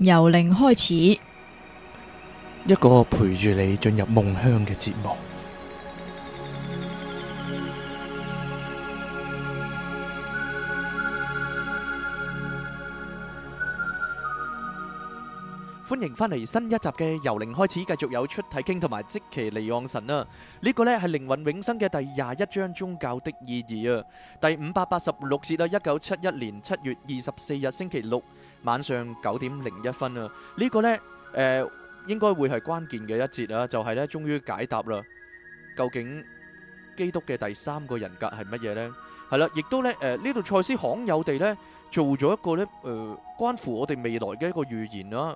由零開始，一個陪住你進入夢鄉嘅節目。歡迎返嚟新一集嘅由零開始，繼續有出體傾同埋即其離岸神啊！呢個呢係靈魂永生嘅第廿一章宗教的意義啊，第五百八十六節啊，一九七一年七月二十四日星期六。晚上九點零一分啊！呢個咧，誒應該會係關鍵嘅一節啊，就係咧，終於解答啦，究竟基督嘅第三個人格係乜嘢咧？係啦，亦都咧，誒呢度賽斯罕有地咧，做咗一個咧，誒關乎我哋未來嘅一個預言啦，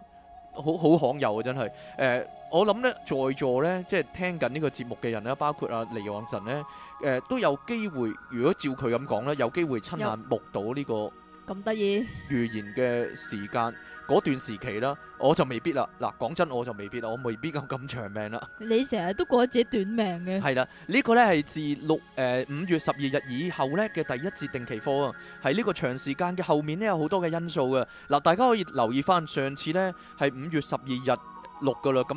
好好罕有啊，真係誒！我諗咧，在座咧，即係聽緊呢個節目嘅人啦，包括啊嚟往神咧，誒都有機會，如果照佢咁講咧，有機會親眼目睹呢個咁得意預言嘅時間嗰段時期啦，我就未必啦。嗱，講真我就未必啦，我未必有咁咁長命啦。你成日都過自己短命嘅。係啦，呢、這個咧係自六誒五、呃、月十二日以後咧嘅第一節定期課啊，喺呢個長時間嘅後面呢，有好多嘅因素嘅。嗱、呃，大家可以留意翻上，上次咧係五月十二日錄噶啦，咁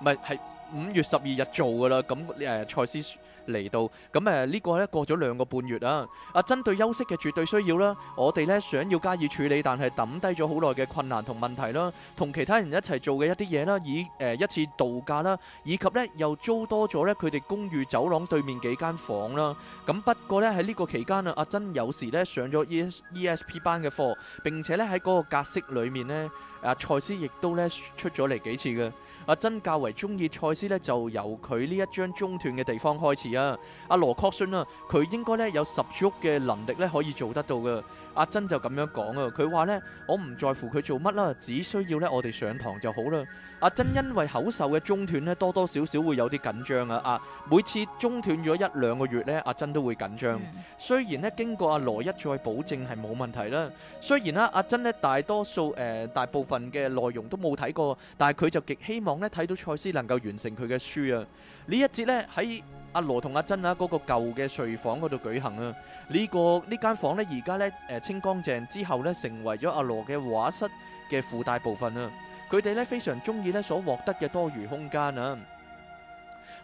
唔係係五月十二日做噶啦，咁誒、呃、蔡思。嚟到咁，誒呢個咧過咗兩個半月啦。阿、啊、珍對休息嘅絕對需要啦，我哋呢，想要加以處理，但係抌低咗好耐嘅困難同問題啦，同其他人一齊做嘅一啲嘢啦，以誒、呃、一次度假啦，以及呢又租多咗呢佢哋公寓走廊對面幾間房啦。咁不過呢，喺呢個期間啊，阿珍有時呢上咗 E E S P 班嘅課，並且呢喺嗰個格式裡面呢，阿、啊、賽斯亦都呢出咗嚟幾次嘅。阿珍較為中意賽斯咧，就由佢呢一章中斷嘅地方開始啊！阿羅確信啊，佢應該咧有十足嘅能力咧，可以做得到嘅。阿珍就咁樣講啊，佢話呢，我唔在乎佢做乜啦，只需要呢我哋上堂就好啦。阿珍因為口授嘅中斷呢，多多少少會有啲緊張啊。啊，每次中斷咗一兩個月呢，阿珍都會緊張。雖然呢經過阿羅一再保證係冇問題啦，雖然呢、啊、阿珍呢大多數誒、呃、大部分嘅內容都冇睇過，但係佢就極希望呢睇到賽斯能夠完成佢嘅書啊。呢一節呢喺阿羅同阿珍啊，嗰個舊嘅睡房嗰度舉行啊。這個這個、間呢個呢間房咧，而家咧誒清乾淨之後咧，成為咗阿羅嘅畫室嘅附帶部分啊。佢哋咧非常中意咧所獲得嘅多餘空間啊。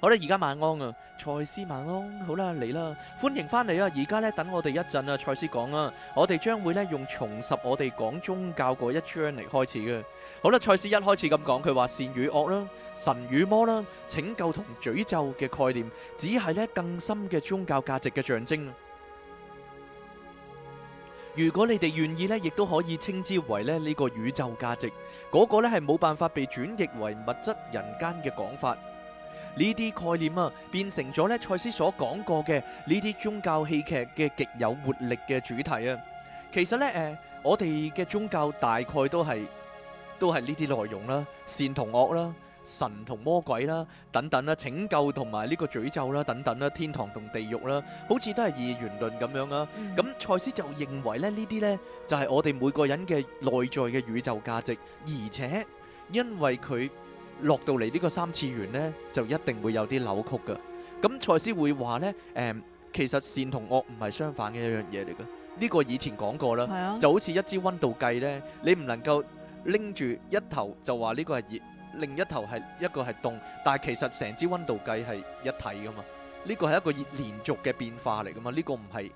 好啦，而家晚安啊，賽斯晚安，好啦，嚟啦，歡迎翻嚟啊。而家咧等我哋一陣啊，賽斯講啊，我哋將會咧用重拾我哋講宗教嗰一章嚟開始嘅。好啦，賽斯一開始咁講，佢話善與惡啦，神與魔啦，拯救同詛咒嘅概念，只係咧更深嘅宗教價值嘅象徵。如果你哋願意咧，亦都可以稱之為咧呢個宇宙價值。嗰個咧係冇辦法被轉譯為物質人間嘅講法。呢啲概念啊，變成咗咧賽斯所講過嘅呢啲宗教戲劇嘅極有活力嘅主題啊。其實咧，誒，我哋嘅宗教大概都係。都係呢啲內容啦，善同惡啦，神同魔鬼啦，等等啦，拯救同埋呢個詛咒啦，等等啦，天堂同地獄啦，好似都係二元論咁樣啦。咁賽斯就認為咧，呢啲咧就係我哋每個人嘅內在嘅宇宙價值，而且因為佢落到嚟呢個三次元咧，就一定會有啲扭曲噶。咁賽斯會話咧，誒，其實善同惡唔係相反嘅一樣嘢嚟噶。呢個以前講過啦，就好似一支溫度計咧，你唔能夠。拎住一頭就話呢個係熱，另一頭係一個係凍。但係其實成支温度計係一體噶嘛，呢個係一個連續嘅變化嚟噶嘛，呢個唔係。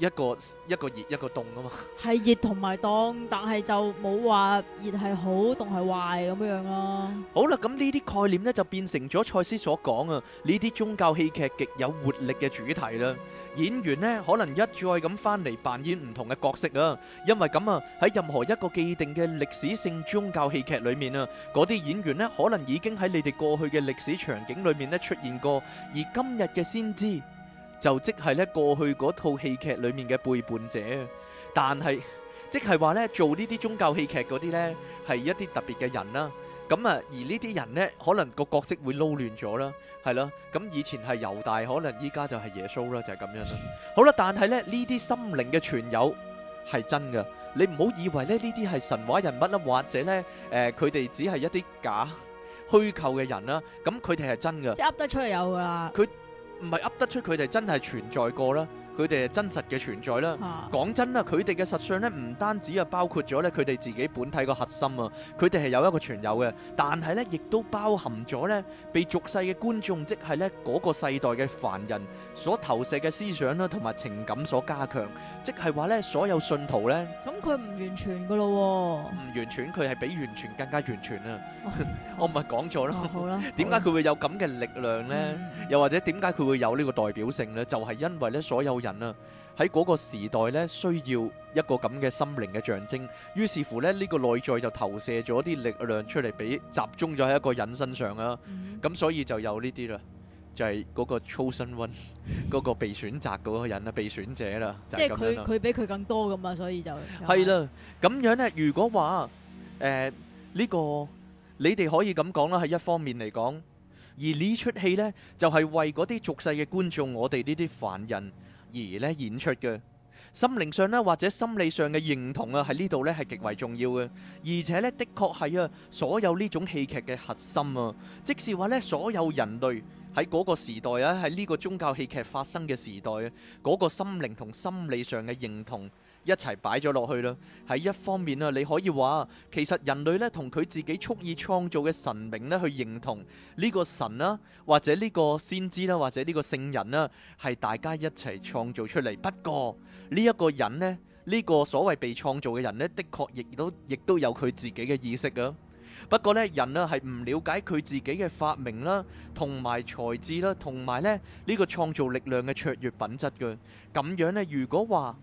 一個一個熱一個凍啊嘛，係熱同埋凍，但係就冇話熱係好，凍係壞咁樣咯。好啦，咁呢啲概念咧就變成咗賽斯所講啊，呢啲宗教戲劇極有活力嘅主題啦。演員咧可能一再咁翻嚟扮演唔同嘅角色啊，因為咁啊喺任何一個既定嘅歷史性宗教戲劇裏面啊，嗰啲演員咧可能已經喺你哋過去嘅歷史場景裏面咧出現過，而今日嘅先知，就即係咧過去嗰套戲劇裡面嘅背叛者，但係即係話咧做呢啲宗教戲劇嗰啲咧係一啲特別嘅人啦。咁啊，而呢啲人咧可能個角色會撈亂咗啦，係咯。咁以前係猶大，可能依家就係耶穌啦，就係咁樣啦。好啦，但係咧呢啲心靈嘅傳友係真嘅，你唔好以為咧呢啲係神話人物啦，或者咧誒佢哋只係一啲假虛構嘅人啦。咁佢哋係真嘅。即係噏得出嚟有㗎啦。佢。唔係噏得出，佢哋真係存在過啦。佢哋係真實嘅存在啦。講真啦，佢哋嘅實相咧，唔單止係，包括咗咧佢哋自己本體嘅核心啊。佢哋係有一個存有嘅，但係咧，亦都包含咗咧被俗世嘅觀眾，即係咧嗰個世代嘅凡人所投射嘅思想啦，同埋情感所加強。即係話咧，所有信徒咧，咁佢唔完全噶咯喎？唔完全，佢係比完全更加完全啊！我唔係講錯啦。好啦。點解佢會有咁嘅力量咧？又或者點解佢會有呢個代表性咧？就係因為咧，所有人。啦，喺嗰個時代呢，需要一個咁嘅心靈嘅象徵，於是乎呢，呢個內在就投射咗一啲力量出嚟，俾集中咗喺一個人身上啦。咁所以就有呢啲啦，就係嗰個 chosen one，嗰個被選擇嗰個人啦，被選者啦，即係佢佢比佢更多㗎嘛，所以就係啦。咁樣呢，如果話誒，呢個你哋可以咁講啦，喺一方面嚟講，而呢出戲呢就係為嗰啲俗世嘅觀眾，我哋呢啲凡人。而咧演出嘅，心靈上咧或者心理上嘅認同啊，喺呢度咧係極為重要嘅，而且咧的確係啊，所有呢種戲劇嘅核心啊，即是話咧所有人類。喺嗰個時代啊，喺呢個宗教戲劇發生嘅時代啊，嗰個心靈同心理上嘅認同一齊擺咗落去啦。喺一方面啊，你可以話，其實人類咧同佢自己蓄意創造嘅神明咧去認同呢個神啦，或者呢個先知啦，或者呢個聖人啦，係大家一齊創造出嚟。不過呢一個人咧，呢個所謂被創造嘅人咧，的確亦都亦都有佢自己嘅意識噶。不過咧，人啊係唔了解佢自己嘅發明啦，同埋才智啦，同埋咧呢個創造力量嘅卓越品質嘅。咁樣咧，如果話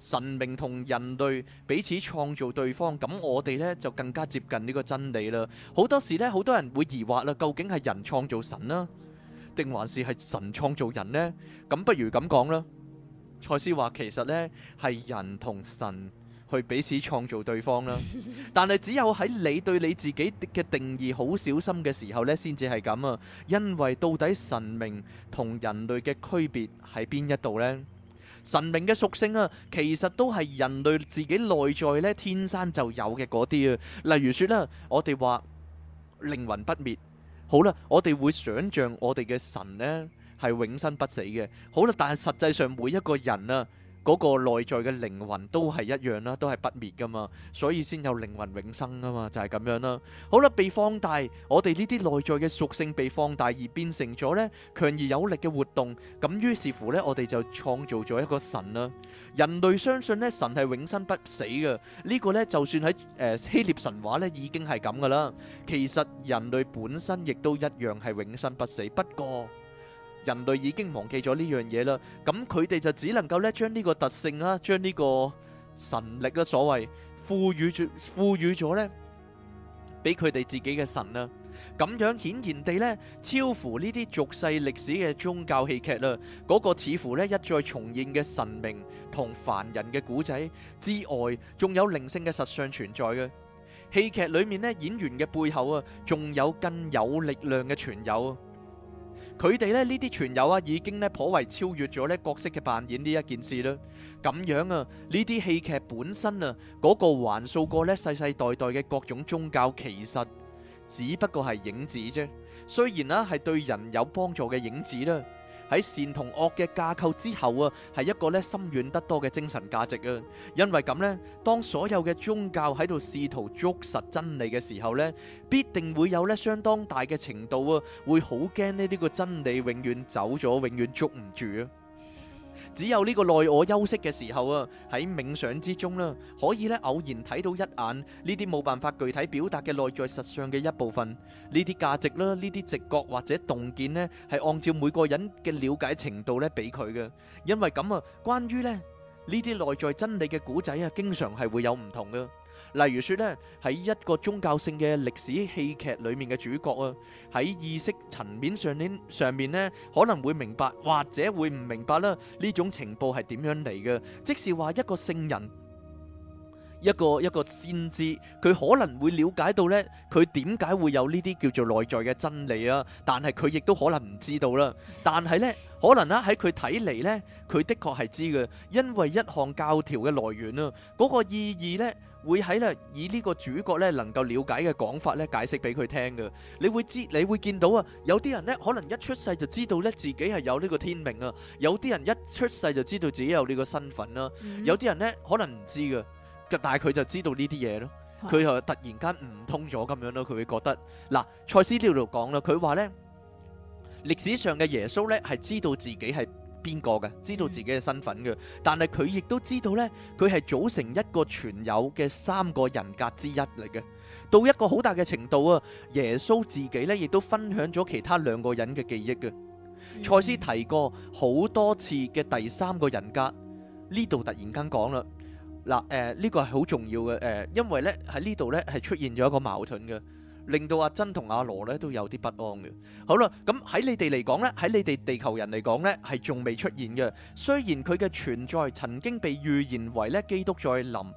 神明同人類彼此創造對方，咁我哋呢就更加接近呢個真理啦。好多時呢，好多人會疑惑啦，究竟係人創造神啦，定還是係神創造人呢？咁不如咁講啦，賽斯話其實呢係人同神。去彼此創造對方啦，但係只有喺你對你自己嘅定義好小心嘅時候呢，先至係咁啊！因為到底神明同人類嘅區別喺邊一度呢？神明嘅屬性啊，其實都係人類自己內在呢天生就有嘅嗰啲啊。例如說啦、啊，我哋話靈魂不滅，好啦，我哋會想像我哋嘅神呢係永生不死嘅，好啦，但係實際上每一個人啊。嗰個內在嘅靈魂都係一樣啦，都係不滅噶嘛，所以先有靈魂永生啊嘛，就係咁樣啦。好啦，被放大，我哋呢啲內在嘅屬性被放大而變成咗呢強而有力嘅活動，咁於是乎呢，我哋就創造咗一個神啦。人類相信呢神係永生不死嘅，呢個呢就算喺誒希臘神話呢已經係咁噶啦。其實人類本身亦都一樣係永生不死，不過。人類已經忘記咗呢樣嘢啦，咁佢哋就只能夠咧將呢個特性啦，將呢個神力啦，所謂賦予住、賦予咗咧，俾佢哋自己嘅神啦。咁樣顯然地咧，超乎呢啲俗世歷史嘅宗教戲劇啦，嗰個似乎咧一再重現嘅神明同凡人嘅故仔之外，仲有靈性嘅實相存在嘅戲劇裏面咧，演員嘅背後啊，仲有更有力量嘅傳有。佢哋咧呢啲傳友啊，已經咧頗為超越咗咧角色嘅扮演呢一件事啦。咁樣啊，呢啲戲劇本身啊，嗰、嗰個還數過咧世世代代嘅各種宗教，其實只不過係影子啫。雖然啦，係對人有幫助嘅影子啦。喺善同惡嘅架構之後啊，係一個咧深遠得多嘅精神價值啊。因為咁咧，當所有嘅宗教喺度試圖捉實真理嘅時候咧，必定會有咧相當大嘅程度啊，會好驚呢呢個真理永遠走咗，永遠捉唔住啊。只有呢個內我休息嘅時候啊，喺冥想之中啦，可以咧偶然睇到一眼呢啲冇辦法具體表達嘅內在實相嘅一部分，呢啲價值啦，呢啲直覺或者洞見咧，係按照每個人嘅了解程度咧俾佢嘅，因為咁啊，關於咧呢啲內在真理嘅古仔啊，經常係會有唔同嘅。例如說咧，喺一個宗教性嘅歷史戲劇裏面嘅主角啊，喺意識層面上面上面咧，可能會明白或者會唔明白啦，呢種情報係點樣嚟嘅。即是話一個聖人，一個一個先知，佢可能會了解到咧，佢點解會有呢啲叫做內在嘅真理啊，但係佢亦都可能唔知道啦。但係咧，可能啦，喺佢睇嚟咧，佢的確係知嘅，因為一項教條嘅來源啊，嗰個意義咧，會喺咧以呢個主角咧能夠了解嘅講法咧解釋俾佢聽嘅，你會知，你會見到啊，有啲人咧可能一出世就知道咧自己係有呢個天命啊，有啲人一出世就知道自己有呢個身份啦，有啲人咧可能唔知嘅，但係佢就知道呢啲嘢咯，佢就突然間悟通咗咁樣咯，佢會覺得嗱，賽斯呢度講啦，佢話咧歷史上嘅耶穌咧係知道自己係。邊個嘅，知道自己嘅身份嘅，但係佢亦都知道呢，佢係組成一個存有嘅三個人格之一嚟嘅。到一個好大嘅程度啊，耶穌自己呢亦都分享咗其他兩個人嘅記憶嘅。賽斯提過好多次嘅第三個人格，呢度突然間講啦，嗱，誒呢、呃這個係好重要嘅，誒、呃，因為呢喺呢度呢，係出現咗一個矛盾嘅。令到阿珍同阿羅咧都有啲不安嘅。好啦，咁喺你哋嚟講咧，喺你哋地球人嚟講咧，係仲未出現嘅。雖然佢嘅存在曾經被預言為咧基督再臨，呢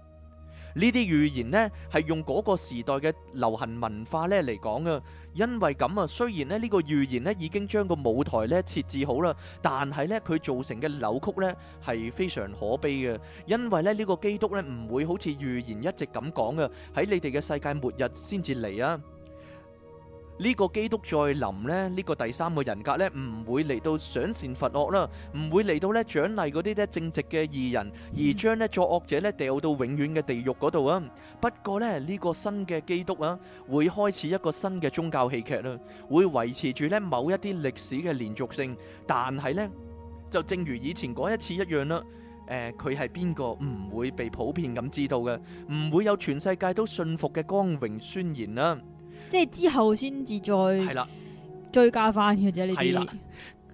啲預言咧係用嗰個時代嘅流行文化咧嚟講啊。因為咁啊，雖然咧呢個預言咧已經將個舞台咧設置好啦，但係咧佢造成嘅扭曲咧係非常可悲嘅。因為咧呢個基督咧唔會好似預言一直咁講啊，喺你哋嘅世界末日先至嚟啊。呢個基督再臨咧，呢個第三個人格咧，唔會嚟到賞善罰惡啦，唔會嚟到咧獎勵嗰啲咧正直嘅義人，而將咧作惡者咧掉到永遠嘅地獄嗰度啊。不過咧，呢個新嘅基督啊，會開始一個新嘅宗教戲劇啦，會維持住咧某一啲歷史嘅連續性，但係咧就正如以前嗰一次一樣啦。誒，佢係邊個唔會被普遍噉知道嘅，唔會有全世界都信服嘅光榮宣言啦。即係之後先至再了追加翻嘅啫，呢啲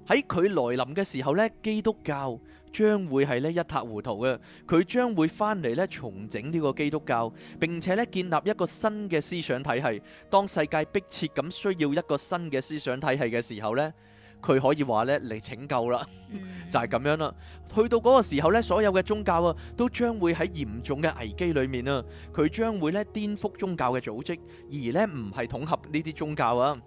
喺佢來臨嘅時候咧，基督教將會係咧一塌糊塗嘅，佢將會翻嚟咧重整呢個基督教，並且咧建立一個新嘅思想體系。當世界迫切咁需要一個新嘅思想體系嘅時候咧。佢可以話咧嚟拯救啦， 就係咁樣啦。去到嗰個時候咧，所有嘅宗教啊，都將會喺嚴重嘅危機裡面啊，佢將會咧顛覆宗教嘅組織，而咧唔係統合呢啲宗教啊。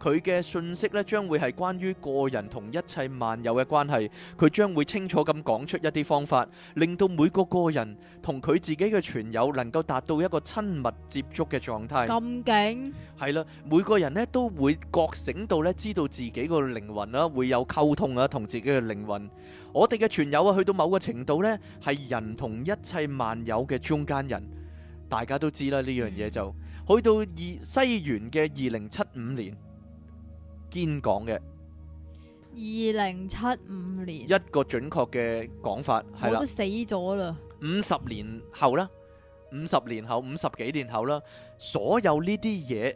佢嘅信息咧，將會係關於個人同一切萬有嘅關係。佢將會清楚咁講出一啲方法，令到每個個人同佢自己嘅存有能夠達到一個親密接觸嘅狀態。咁勁係啦，每個人咧都會覺醒到咧，知道自己個靈魂啦，會有溝通啊，同自己嘅靈魂。我哋嘅存有啊，去到某個程度咧，係人同一切萬有嘅中間人。大家都知啦，呢樣嘢就去到二西元嘅二零七五年。堅講嘅，二零七五年一個準確嘅講法係啦，都死咗啦，五十年後啦，五十年後五十幾年後啦，所有呢啲嘢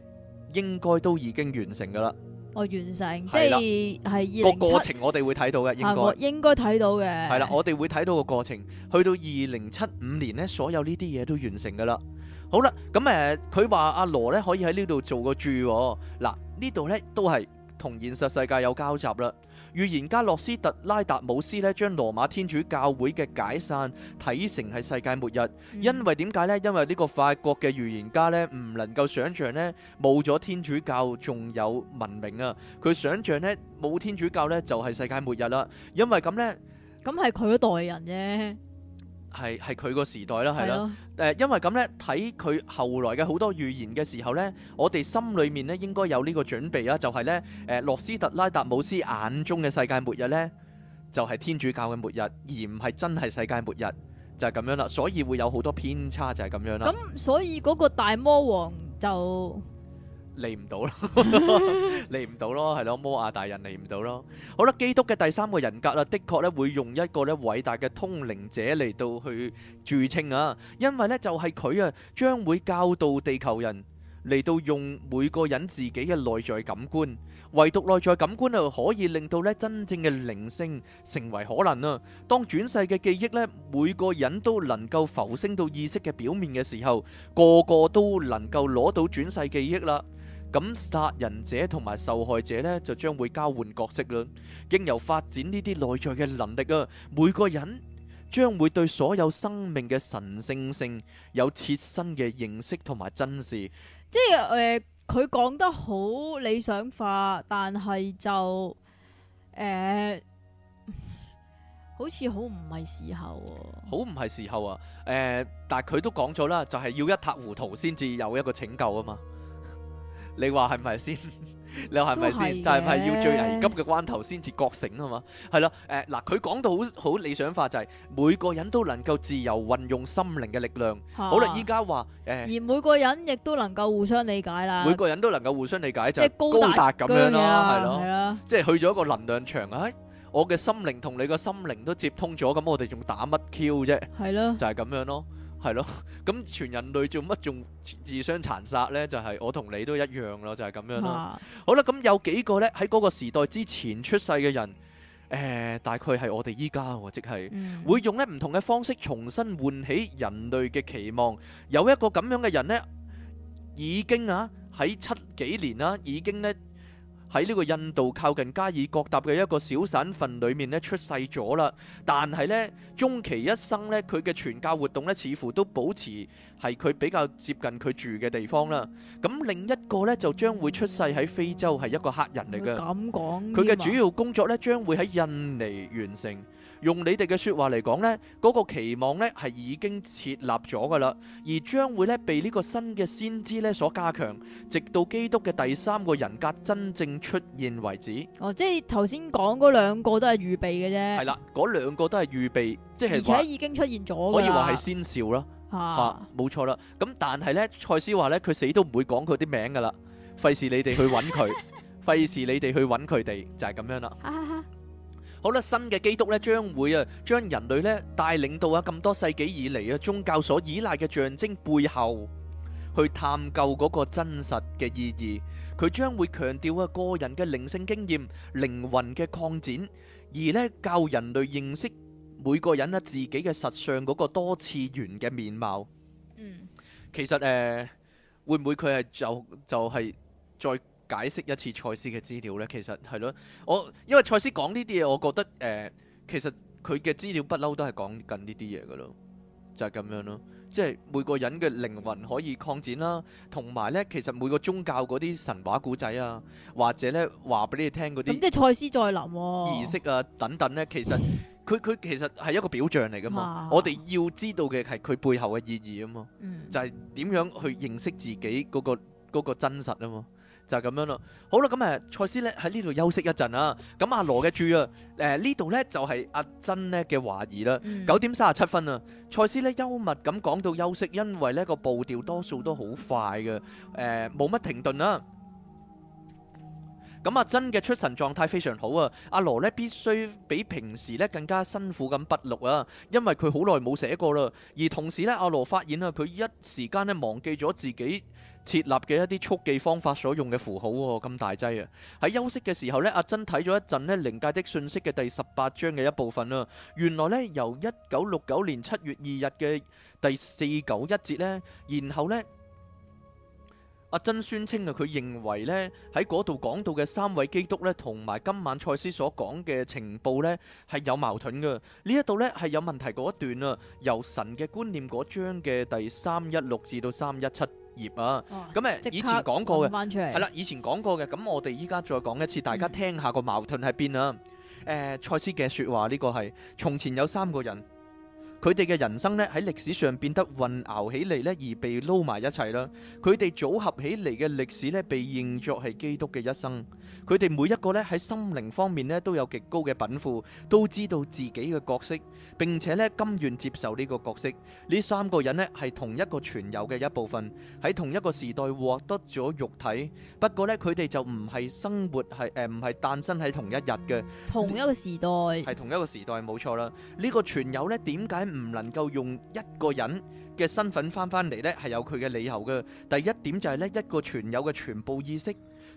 應該都已經完成噶啦，哦，完成，即係係了個過程我，我哋會睇到嘅，應該應該睇到嘅，係啦了，是我哋會睇到個過程，去到二零七五年咧，所有呢啲嘢都完成噶啦。好啦，咁誒，佢、呃、話阿羅咧可以喺呢度做個注，嗱呢度咧都係。同現實世界有交集啦。預言家洛斯特拉達姆斯咧，將羅馬天主教會嘅解散睇成係世界末日，因為點解咧？因為呢個法國嘅預言家咧，唔能夠想象咧冇咗天主教仲有文明啊！佢想象咧冇天主教咧就係世界末日啦，因為咁咧，咁係佢一代人啫。係係佢個時代啦，係咯，誒的，因為咁咧，睇佢後來嘅好多預言嘅時候咧，我哋心裏面咧應該有呢個準備啦、啊，就係、是、咧，誒，諾斯特拉達姆斯眼中嘅世界末日咧，就係、是、天主教嘅末日，而唔係真係世界末日，就係、是、咁樣啦，所以會有好多偏差就，就係咁樣啦。咁所以嗰個大魔王就。嚟唔到咯，嚟唔到咯，係咯，摩亞大人嚟唔到咯。好啦，基督嘅第三個人格啦，的確咧會用一個咧偉大嘅通靈者嚟到去註稱啊，因為咧就係佢啊，將會教導地球人嚟到用每個人自己嘅內在感官，唯獨內在感官啊可以令到咧真正嘅靈性成為可能啊。當轉世嘅記憶咧，每個人都能夠浮升到意識嘅表面嘅時候，個個都能夠攞到轉世記憶啦。咁殺人者同埋受害者咧，就將會交換角色啦。經由發展呢啲內在嘅能力啊，每個人將會對所有生命嘅神聖性有切身嘅認識同埋珍視。即係，誒，佢講得好理想化，但係就誒，好似好唔係時候。好唔係時候啊？誒，但係佢都講咗啦，就係要一塌糊塗先至有一個拯救啊嘛。你話係咪先？你話係咪先？就係要最危急嘅關頭先至覺醒啊嘛，係咯？誒，嗱，佢講到好好理想化，就係每個人都能夠自由運用心靈嘅力量。好啦，依家話誒，而每個人亦都能夠互相理解啦。每個人都能夠互相理解就高達咁樣咯，係咯？即係去咗一個能量場，誒，我嘅心靈同你嘅心靈都接通咗，咁我哋仲打乜 Q 啫？係咯，就係咁樣咯。係咯，咁 全人類做乜仲自相殘殺呢？就係、是、我同你都一樣咯，就係、是、咁樣咯。哇好啦，咁有幾個呢？喺嗰個時代之前出世嘅人，誒、呃、大概係我哋依家，即係、嗯、會用呢唔同嘅方式重新喚起人類嘅期望。有一個咁樣嘅人呢，已經啊喺七幾年啦、啊，已經呢。喺呢個印度靠近加爾各答嘅一個小省份裏面咧出世咗啦，但係咧終其一生咧佢嘅傳教活動咧似乎都保持係佢比較接近佢住嘅地方啦。咁另一個咧就將會出世喺非洲，係一個黑人嚟嘅。咁講，佢嘅主要工作咧將會喺印尼完成。用你哋嘅說話嚟講，呢嗰個期望呢係已經設立咗噶啦，而將會呢被呢個新嘅先知呢所加強，直到基督嘅第三個人格真正出現為止。哦，即係頭先講嗰兩個都係預備嘅啫。係啦，嗰兩個都係預備，即係而且已經出現咗，可以話係先兆啦。吓、啊，冇、啊、錯啦。咁但係呢，賽斯話呢，佢死都唔會講佢啲名噶啦，費事你哋去揾佢，費事 你哋去揾佢哋，就係、是、咁樣啦。 好啦，新嘅基督咧，將會啊將人類咧帶領到啊咁多世紀以嚟啊宗教所依賴嘅象徵背後去探究嗰個真實嘅意義。佢將會強調啊個人嘅靈性經驗、靈魂嘅擴展，而咧教人類認識每個人咧自己嘅實相嗰個多次元嘅面貌。嗯，其實誒會唔會佢係就就係在？解釋一次賽斯嘅資料呢，其實係咯，我因為賽斯講呢啲嘢，我覺得誒、呃，其實佢嘅資料不嬲都係講緊呢啲嘢噶咯，就係、是、咁樣咯，即係每個人嘅靈魂可以擴展啦，同埋呢，其實每個宗教嗰啲神話古仔啊，或者呢，話俾你聽嗰啲，即係賽斯再臨儀式啊等等呢，其實佢佢其實係一個表象嚟噶嘛，啊、我哋要知道嘅係佢背後嘅意義啊嘛，嗯、就係點樣去認識自己嗰、那個那個真實啊嘛。就咁樣咯，好啦，咁誒，蔡司咧喺呢度休息一陣啦。咁阿羅嘅注啊，誒、啊呃、呢度咧就係、是、阿珍咧嘅懷疑啦，九點三十七分啊。蔡司咧幽默咁講到休息，因為咧個步調多數都好快嘅，誒冇乜停頓啦、啊。咁阿珍嘅出神狀態非常好啊！阿羅呢必須比平時呢更加辛苦咁筆錄啊，因為佢好耐冇寫過啦。而同時呢，阿羅發現啊，佢一時間呢忘記咗自己設立嘅一啲速記方法所用嘅符號喎、哦，咁大劑啊！喺休息嘅時候呢，阿珍睇咗一陣呢《靈界的信息》嘅第十八章嘅一部分啊。原來呢，由一九六九年七月二日嘅第四九一節呢，然後呢。阿曾宣稱啊，佢認為咧喺嗰度講到嘅三位基督咧，同埋今晚賽斯所講嘅情報咧係有矛盾噶。呢一度咧係有問題嗰一段啦，由神嘅觀念嗰章嘅第三一六至到三一七頁啊。咁誒哇，以前講過嘅，係啦，以前講過嘅。咁我哋依家再講一次，大家聽下個矛盾喺邊啊？誒、嗯，賽、呃、斯嘅說話呢個係從前有三個人。佢哋嘅人生咧喺歷史上變得混淆起嚟咧，而被撈埋一齊啦。佢哋組合起嚟嘅歷史咧，被認作係基督嘅一生。佢哋每一個咧喺心靈方面咧都有極高嘅稟賦，都知道自己嘅角色，並且咧甘願接受呢個角色。呢三個人咧係同一個傳友嘅一部分，喺同一個時代獲得咗肉體。不過咧佢哋就唔係生活係誒唔係誕生喺同一日嘅。同一個時代係同一個時代，冇錯啦。呢個傳友咧點解？唔能夠用一個人嘅身份翻返嚟呢，係有佢嘅理由嘅。第一點就係呢，一個存有嘅全部意識，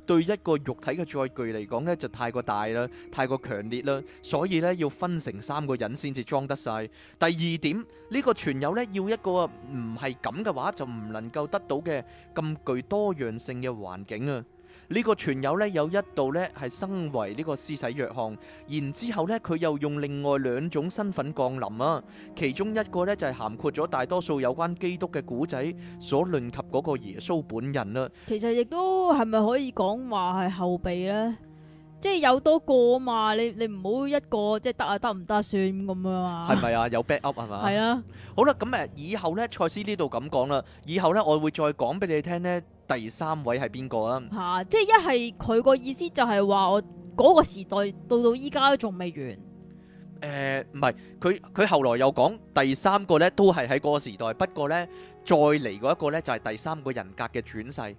對一個肉體嘅載具嚟講呢，就太過大啦，太過強烈啦，所以呢要分成三個人先至裝得晒。第二點，呢個存有呢要一個唔係咁嘅話，就唔能夠得到嘅咁具多樣性嘅環境啊。呢個傳友咧，有一度咧，係身為呢個施洗約翰，然之後咧佢又用另外兩種身份降臨啊，其中一個咧就係涵括咗大多數有關基督嘅古仔所論及嗰個耶穌本人啦。其實亦都係咪可以講話係後備咧？即係有多個嘛？你你唔好一個即係得啊，啊，啊？得唔得算咁樣啊？係咪啊？有 backup 係嘛？係 是啊好！好啦，咁誒，以後咧，賽斯呢度咁講啦。以後咧，我會再講俾你聽咧。第三位係邊個啊？吓、啊，即係一係佢個意思就係話，我嗰個時代到到依家都仲未完。誒，唔係，佢佢後來又講第三個咧，都係喺嗰個時代，不過咧再嚟嗰一個咧就係第三個人格嘅轉世。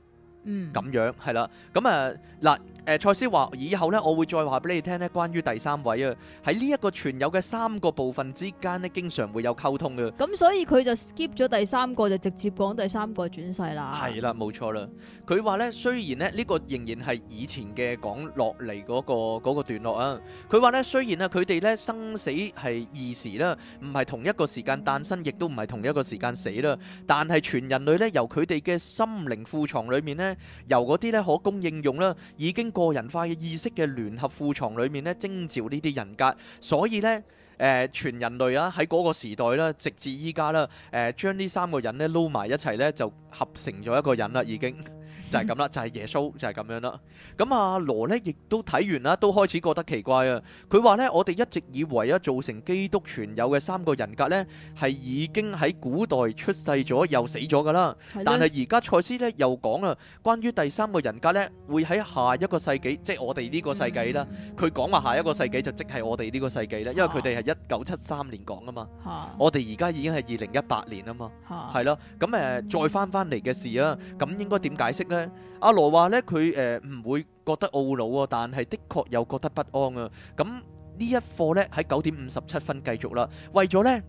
嗯，咁樣係啦。咁啊嗱。嗯嗯嗯嗯誒賽、呃、斯話：以後咧，我會再話俾你聽咧，關於第三位啊，喺呢一個存有嘅三個部分之間呢，經常會有溝通嘅。咁所以佢就 skip 咗第三個，就直接講第三個轉世啦。係啦，冇錯啦。佢話咧，雖然呢，呢、這個仍然係以前嘅講落嚟嗰個段落啊。佢話咧，雖然咧佢哋咧生死係異時啦，唔係同一個時間誕生，亦都唔係同一個時間死啦。但係全人類咧由佢哋嘅心靈庫藏裡面呢，由嗰啲咧可供應用啦，已經。個人化嘅意識嘅聯合庫藏裏面咧，徵召呢啲人格，所以咧，誒、呃，全人類啊，喺嗰個時代啦、啊，直至依家啦，誒、呃，將呢三個人咧撈埋一齊咧，就合成咗一個人啦，已經。就係咁啦，就係耶穌就係咁樣啦。咁阿羅咧，亦都睇完啦，都開始覺得奇怪啊。佢話咧，我哋一直以為啊，造成基督存有嘅三個人格咧，係已經喺古代出世咗又死咗噶啦。但係而家賽斯咧又講啊，關於第三個人格咧，會喺下一個世紀，即係我哋呢個世紀啦。佢講話下一個世紀就即係我哋呢個世紀啦，因為佢哋係一九七三年講啊嘛。我哋而家已經係二零一八年啊嘛。係咯，咁誒，再返返嚟嘅事啊，咁應該點解釋咧？阿羅話咧，佢誒唔會覺得懊惱啊，但係的確又覺得不安啊。咁呢一課咧喺九點五十七分繼續啦。為咗咧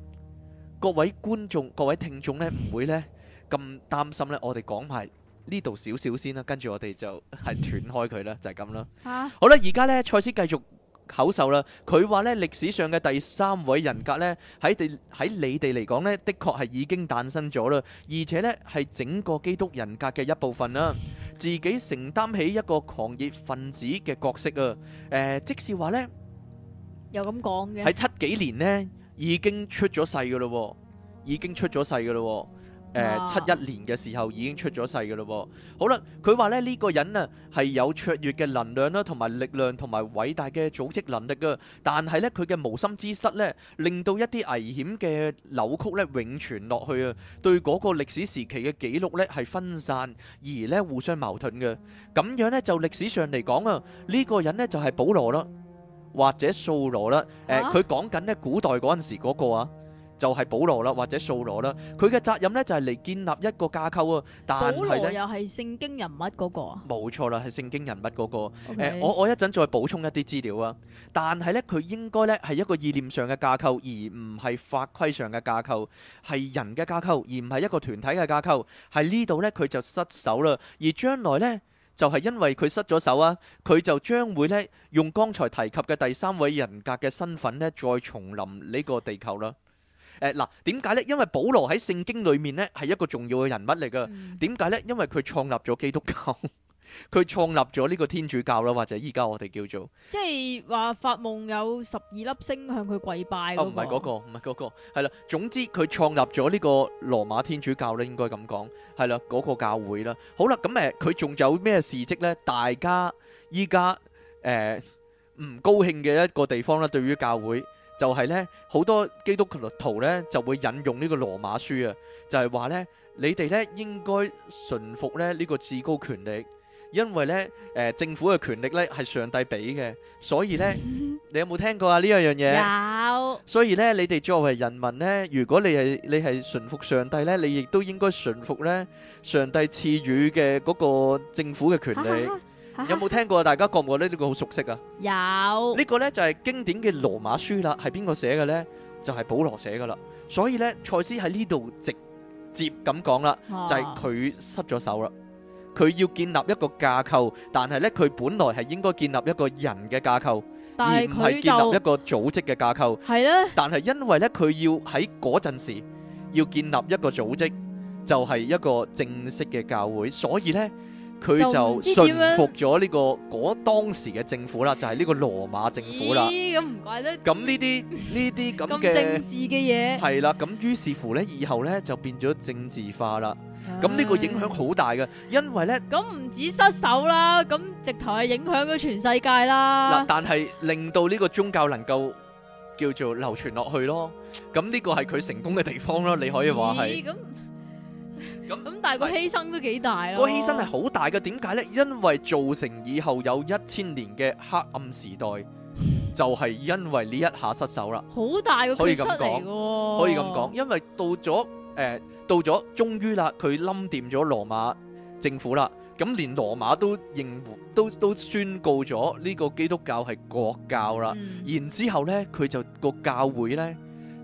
各位觀眾、各位聽眾咧唔會咧咁擔心咧，我哋講埋呢度少少先啦，跟住我哋就係斷開佢啦，就係咁啦。吓，好啦，而家咧塞斯繼續。口授啦，佢話咧歷史上嘅第三位人格咧喺地喺你哋嚟講呢，的確係已經誕生咗啦，而且呢，係整個基督人格嘅一部分啦，啊，自己承擔起一個狂熱分子嘅角色啊，誒、呃，即是話呢，又咁講嘅喺七幾年呢，已經出咗世噶咯，已經出咗世噶咯誒、呃，七一年嘅時候已經出咗世嘅咯，好啦，佢話咧呢、這個人啊係有卓越嘅能量啦，同埋力量，同埋偉大嘅組織能力啊，但係呢，佢嘅無心之失呢，令到一啲危險嘅扭曲呢，永存落去啊，對嗰個歷史時期嘅記錄呢係分散而呢互相矛盾嘅，咁樣呢，就歷史上嚟講啊，呢、這個人呢就係、是、保羅啦，或者素羅啦，誒、呃，佢講緊咧古代嗰陣時嗰個啊。就係保羅啦，或者掃羅啦，佢嘅責任咧就係嚟建立一個架構啊。但係咧，又係聖經人物嗰個啊，冇錯啦，係聖經人物嗰個。誒，我我一陣再補充一啲資料啊。但係咧，佢應該咧係一個意念上嘅架構，而唔係法規上嘅架構，係人嘅架構，而唔係一個團體嘅架構。喺呢度咧，佢就失手啦。而將來咧，就係因為佢失咗手啊，佢就將會咧用剛才提及嘅第三位人格嘅身份咧，再重臨呢個地球啦。誒，嗱，點解咧？因為保羅喺聖經裏面咧，係一個重要嘅人物嚟噶。點解咧？因為佢創立咗基督教，佢創立咗呢個天主教啦，或者依家我哋叫做即係話發夢有十二粒星向佢跪拜。哦，唔係嗰個，唔係嗰個，係啦。總之佢創立咗呢個羅馬天主教咧，應該咁講係啦，嗰個教會啦。好啦，咁誒，佢仲有咩事跡咧？大家依家誒唔高興嘅一個地方咧，對於教會。就係咧，好多基督徒徒咧就會引用呢個羅馬書啊，就係話咧，你哋咧應該順服咧呢個至高權力，因為咧，誒政府嘅權力咧係上帝俾嘅，所以咧，你有冇聽過啊呢樣樣嘢？有。所以咧，你哋作為人民咧，如果你係你係順服上帝咧，你亦都應該順服咧上帝賜予嘅嗰個政府嘅權力。有冇聽過？大家覺唔覺得呢個好熟悉啊？有。呢個咧就係經典嘅羅馬書啦，係邊個寫嘅咧？就係保羅寫噶啦。所以咧，賽斯喺呢度直接咁講啦，就係佢失咗手啦。佢要建立一個架構，但係咧佢本來係應該建立一個人嘅架構，而唔係建立一個組織嘅架構。係咧。但係因為咧，佢要喺嗰陣時要建立一個組織，就係一個正式嘅教會，所以咧。佢就順服咗呢個嗰當時嘅政府啦，就係呢個羅馬政府啦。咁唔怪得，咁呢啲呢啲咁嘅政治嘅嘢，係啦。咁於是乎咧，以後咧就變咗政治化啦。咁呢個影響好大嘅，因為咧咁唔止失守啦，咁直頭係影響咗全世界啦。嗱，但係令到呢個宗教能夠叫做流傳落去咯。咁呢個係佢成功嘅地方咯，你可以話係。咁、嗯、但係個犧牲都幾大咯！個犧牲係好大嘅，點解呢？因為造成以後有一千年嘅黑暗時代， 就係因為呢一下失手啦。好大嘅犧牲嚟嘅，可以咁講。可以咁講，因為到咗誒、呃，到咗終於啦，佢冧掂咗羅馬政府啦。咁連羅馬都認都都宣告咗呢個基督教係國教啦。嗯、然之後呢，佢就、個教會呢。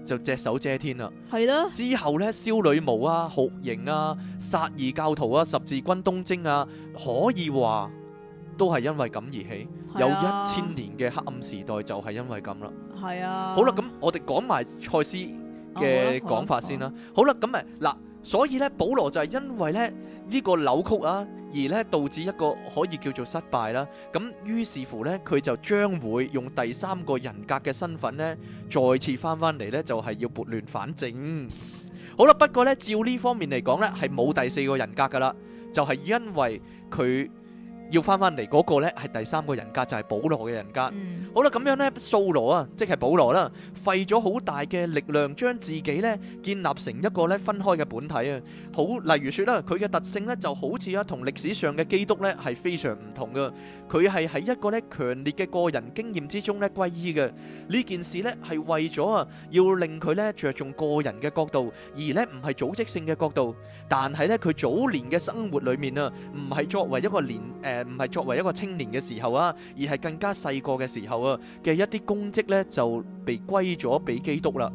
就隻手遮天啦，係啦。之後呢，燒女巫啊、酷刑啊、殺異教徒啊、十字軍東征啊，可以話都係因為咁而起。有一千年嘅黑暗時代就係因為咁啦。係啊。好啦，咁我哋講埋賽斯嘅講法先啦。好啦，咁咪嗱。所以咧，保羅就係因為咧呢個扭曲啊，而咧導致一個可以叫做失敗啦。咁於是乎咧，佢就將會用第三個人格嘅身份咧，再次翻翻嚟咧，就係要撥亂反正。好啦，不過咧照呢方面嚟講咧，係冇第四個人格噶啦，就係因為佢。要翻翻嚟嗰個咧係第三個人格，就係保羅嘅人格。好啦，咁樣咧，蘇羅啊，即係保羅啦，費咗好大嘅力量將自己咧建立成一個咧分開嘅本體啊。好，例如説啦，佢嘅特性咧就好似啊同歷史上嘅基督咧係非常唔同嘅。佢係喺一個咧強烈嘅個人經驗之中咧歸依嘅。呢件事咧係為咗啊要令佢咧著重個人嘅角度，而咧唔係組織性嘅角度。但係咧佢早年嘅生活裡面啊，唔係作為一個連誒。誒，唔係作為一個青年嘅時候啊，而係更加細個嘅時候啊嘅一啲功績咧，就被歸咗俾基督啦，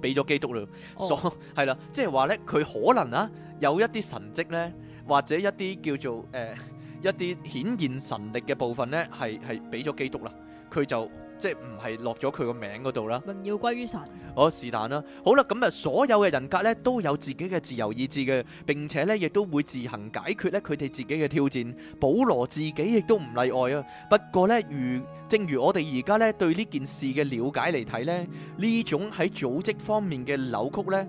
俾咗基督啦，所係啦，即係話咧，佢可能啊有一啲神跡咧，或者一啲叫做誒一啲顯現神力嘅部分咧，係係俾咗基督啦，佢就。即係唔係落咗佢個名嗰度啦，榮耀歸於神。哦，是但啦。好啦，咁啊，所有嘅人格咧，都有自己嘅自由意志嘅，並且咧，亦都會自行解決咧，佢哋自己嘅挑戰。保羅自己亦都唔例外啊。不過咧，如正如我哋而家咧，對呢件事嘅了解嚟睇咧，呢種喺組織方面嘅扭曲咧。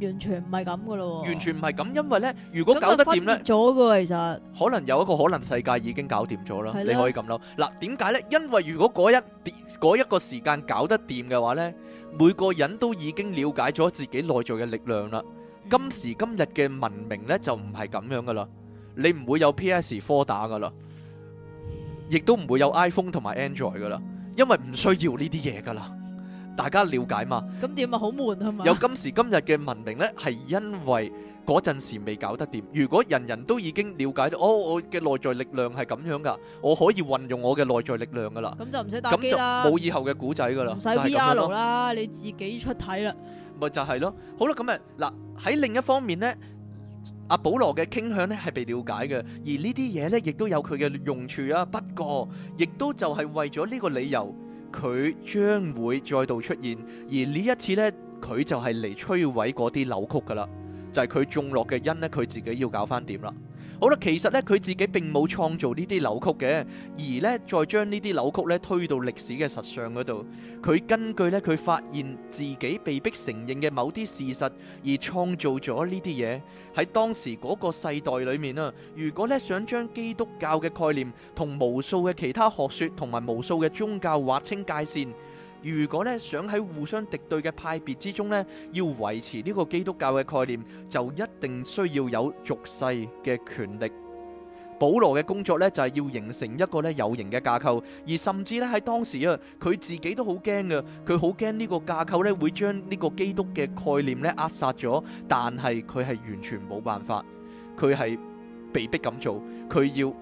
完全唔係咁噶咯，完全唔係咁，因為咧，如果搞得掂咧，咗噶其實，可能有一個可能世界已經搞掂咗啦，你可以咁諗。嗱，點解咧？因為如果嗰一嗰一個時間搞得掂嘅話咧，每個人都已經了解咗自己內在嘅力量啦。今時今日嘅文明咧就唔係咁樣噶啦，你唔會有 PS4 打噶啦，亦都唔會有 iPhone 同埋 Android 噶啦，因為唔需要呢啲嘢噶啦。大家了解嘛？咁點啊？好悶啊嘛！有今時今日嘅文明咧，係因為嗰陣時未搞得掂。如果人人都已經瞭解到，哦，我嘅內在力量係咁樣噶，我可以運用我嘅內在力量噶啦。咁就唔使打機啦。咁就冇以後嘅故仔噶啦。唔使 VR 啦，你自己出體啦。咪就係咯。好啦，咁啊，嗱喺另一方面咧，阿保羅嘅傾向咧係被了解嘅，而呢啲嘢咧亦都有佢嘅用處啊。不過，亦都就係為咗呢個理由。佢將會再度出現，而呢一次呢，佢就係嚟摧毀嗰啲扭曲噶啦，就係佢種落嘅因呢，佢自己要搞翻掂啦。好啦，其實咧，佢自己並冇創造呢啲扭曲嘅，而咧再將呢啲扭曲咧推到歷史嘅實相嗰度。佢根據咧佢發現自己被逼承認嘅某啲事實而創造咗呢啲嘢。喺當時嗰個世代裏面啊，如果咧想將基督教嘅概念同無數嘅其他學說同埋無數嘅宗教劃清界線。如果咧想喺互相敵對嘅派別之中咧，要維持呢個基督教嘅概念，就一定需要有俗世嘅權力。保羅嘅工作咧就係要形成一個咧有形嘅架構，而甚至咧喺當時啊，佢自己都好驚嘅，佢好驚呢個架構咧會將呢個基督嘅概念咧扼殺咗。但係佢係完全冇辦法，佢係被逼咁做，佢要。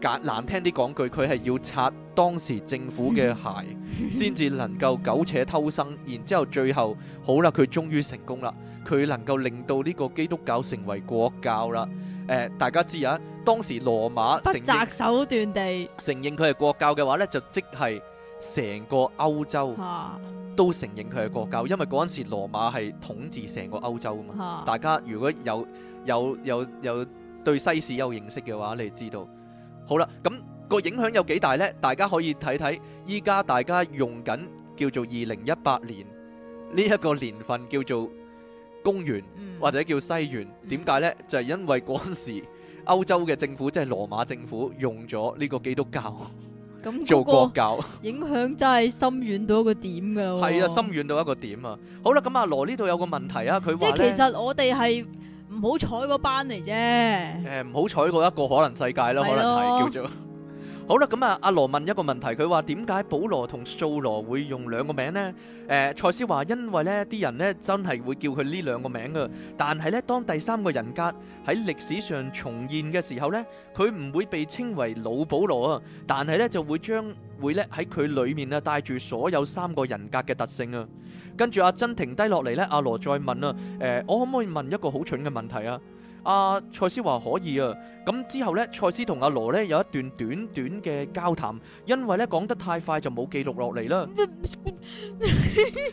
夾難聽啲講句，佢係要擦當時政府嘅鞋，先至能夠苟且偷生。然之後最後，好啦，佢終於成功啦，佢能夠令到呢個基督教成為國教啦。誒，大家知啊，當時羅馬不擇手段地承認佢係國教嘅話咧，就即係成個歐洲都承認佢係國教，因為嗰陣時羅馬係統治成個歐洲啊嘛。大家如果有有有有對西史有認識嘅話，你知道。好啦，咁個影響有幾大呢？大家可以睇睇，依家大家用緊叫做二零一八年呢一個年份叫做公元，或者叫西元。點解呢？就係因為嗰陣時歐洲嘅政府，即係羅馬政府，用咗呢個基督教做國教，影響真係深遠到一個點噶啦。係啊，深遠到一個點啊。好啦，咁阿羅呢度有個問題啊，佢話即係其實我哋係。唔好彩嗰班嚟啫，誒唔好彩嗰一個可能世界咯，可能係叫做好啦。咁啊，阿羅問一個問題，佢話點解保羅同掃羅會用兩個名咧？誒，蔡思話因為咧啲人咧真係會叫佢呢兩個名噶，但係咧當第三個人格喺歷史上重現嘅時候咧，佢唔會被稱為老保羅啊，但係咧就會將會咧喺佢裏面啊帶住所有三個人格嘅特性啊。跟住阿、啊、珍停低落嚟咧，阿、啊、羅再問啊，誒、呃，我可唔可以問一個好蠢嘅問題啊？阿蔡思話可以啊，咁之後咧，蔡思同阿羅咧有一段短短嘅交談，因為咧講得太快就冇記錄落嚟啦。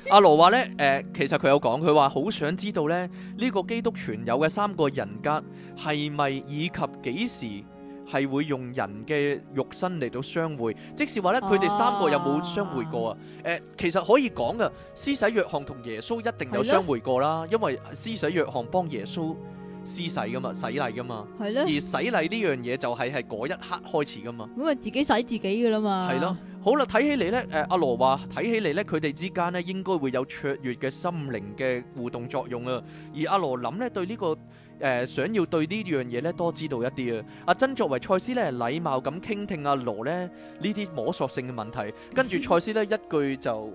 阿羅話咧，誒、呃，其實佢有講，佢話好想知道咧呢、這個基督存有嘅三個人格係咪以及幾時？係會用人嘅肉身嚟到相會，即使話咧佢哋三個有冇相會過啊？誒、呃，其實可以講噶，施洗約翰同耶穌一定有相會過啦，的因為施洗約翰幫耶穌施洗噶嘛，洗禮噶嘛，係咧的。而洗禮呢樣嘢就係係嗰一刻開始噶嘛。咁啊，自己洗自己噶啦嘛。係咯。好啦，睇起嚟咧，誒、呃、阿羅話睇起嚟咧，佢哋之間咧應該會有卓越嘅心靈嘅互動作用啊。而阿羅諗咧，對呢、這個誒、呃、想要對呢樣嘢咧多知道一啲啊。阿珍作為賽斯咧，禮貌咁傾聽阿、啊、羅咧呢啲摸索性嘅問題，跟住賽斯咧一句就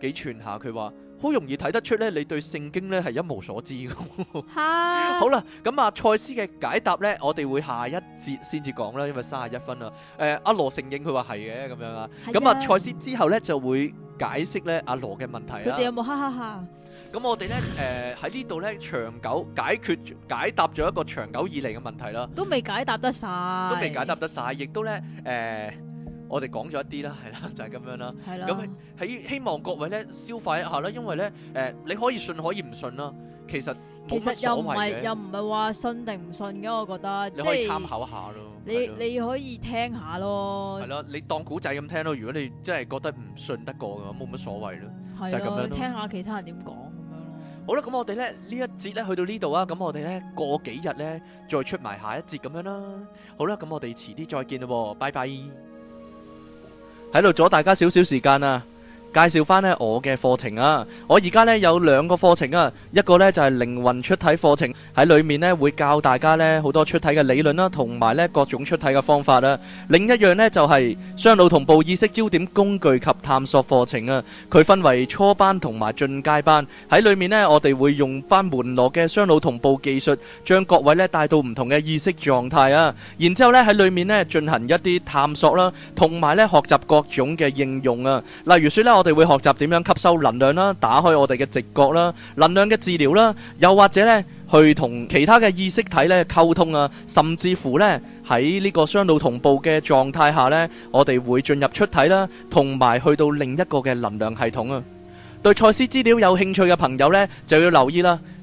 幾串下，佢話。好容易睇得出咧，你對聖經咧係一無所知嘅 哈。好啦，咁啊，賽斯嘅解答咧，我哋會下一節先至講啦，因為三十一分啦。誒、呃，阿、啊、羅承認佢話係嘅咁樣是啊，啊。咁啊，賽斯之後咧就會解釋咧、啊、阿羅嘅問題啦。佢哋有冇哈，哈哈哈？咁我哋咧誒喺呢度咧、呃，長久解決解答咗一個長久以嚟嘅問題啦。都未解答得晒，都未解答得晒，亦都咧誒。呃我哋講咗一啲啦，係啦，就係、是、咁樣啦。係咯。咁喺希望各位咧消化一下啦，嗯、因為咧誒、呃，你可以信可以唔信啦。其實其實又唔係又唔係話信定唔信嘅，我覺得。你可以參考下咯。你、啊、你，你可以聽下咯。係咯、啊，你當古仔咁聽咯。如果你真係覺得唔信得過嘅，咁冇乜所謂咯，啊、就係咁樣。聽下其他人點講咁樣咯。好啦，咁我哋咧呢一節咧去到呢度啊。咁我哋咧過幾日咧再出埋下一節咁樣啦。好啦，咁我哋遲啲再見啦，拜拜。喺度阻大家少少時間啊！介紹翻呢我嘅課程啊！我而家呢有兩個課程啊，一個呢就係靈魂出體課程，喺裏面呢會教大家呢好多出體嘅理論啦，同埋呢各種出體嘅方法啊。另一樣呢就係雙腦同步意識焦點工具及探索課程啊。佢分為初班同埋進階班，喺裏面呢我哋會用翻門羅嘅雙腦同步技術，將各位呢帶到唔同嘅意識狀態啊。然之後呢喺裏面呢進行一啲探索啦，同埋呢學習各種嘅應用啊。例如説呢我，我哋會學習點樣吸收能量啦，打開我哋嘅直覺啦，能量嘅治療啦，又或者呢，去同其他嘅意識體呢溝通啊，甚至乎呢喺呢個雙腦同步嘅狀態下呢，我哋會進入出體啦，同埋去到另一個嘅能量系統啊。對賽斯資料有興趣嘅朋友呢，就要留意啦。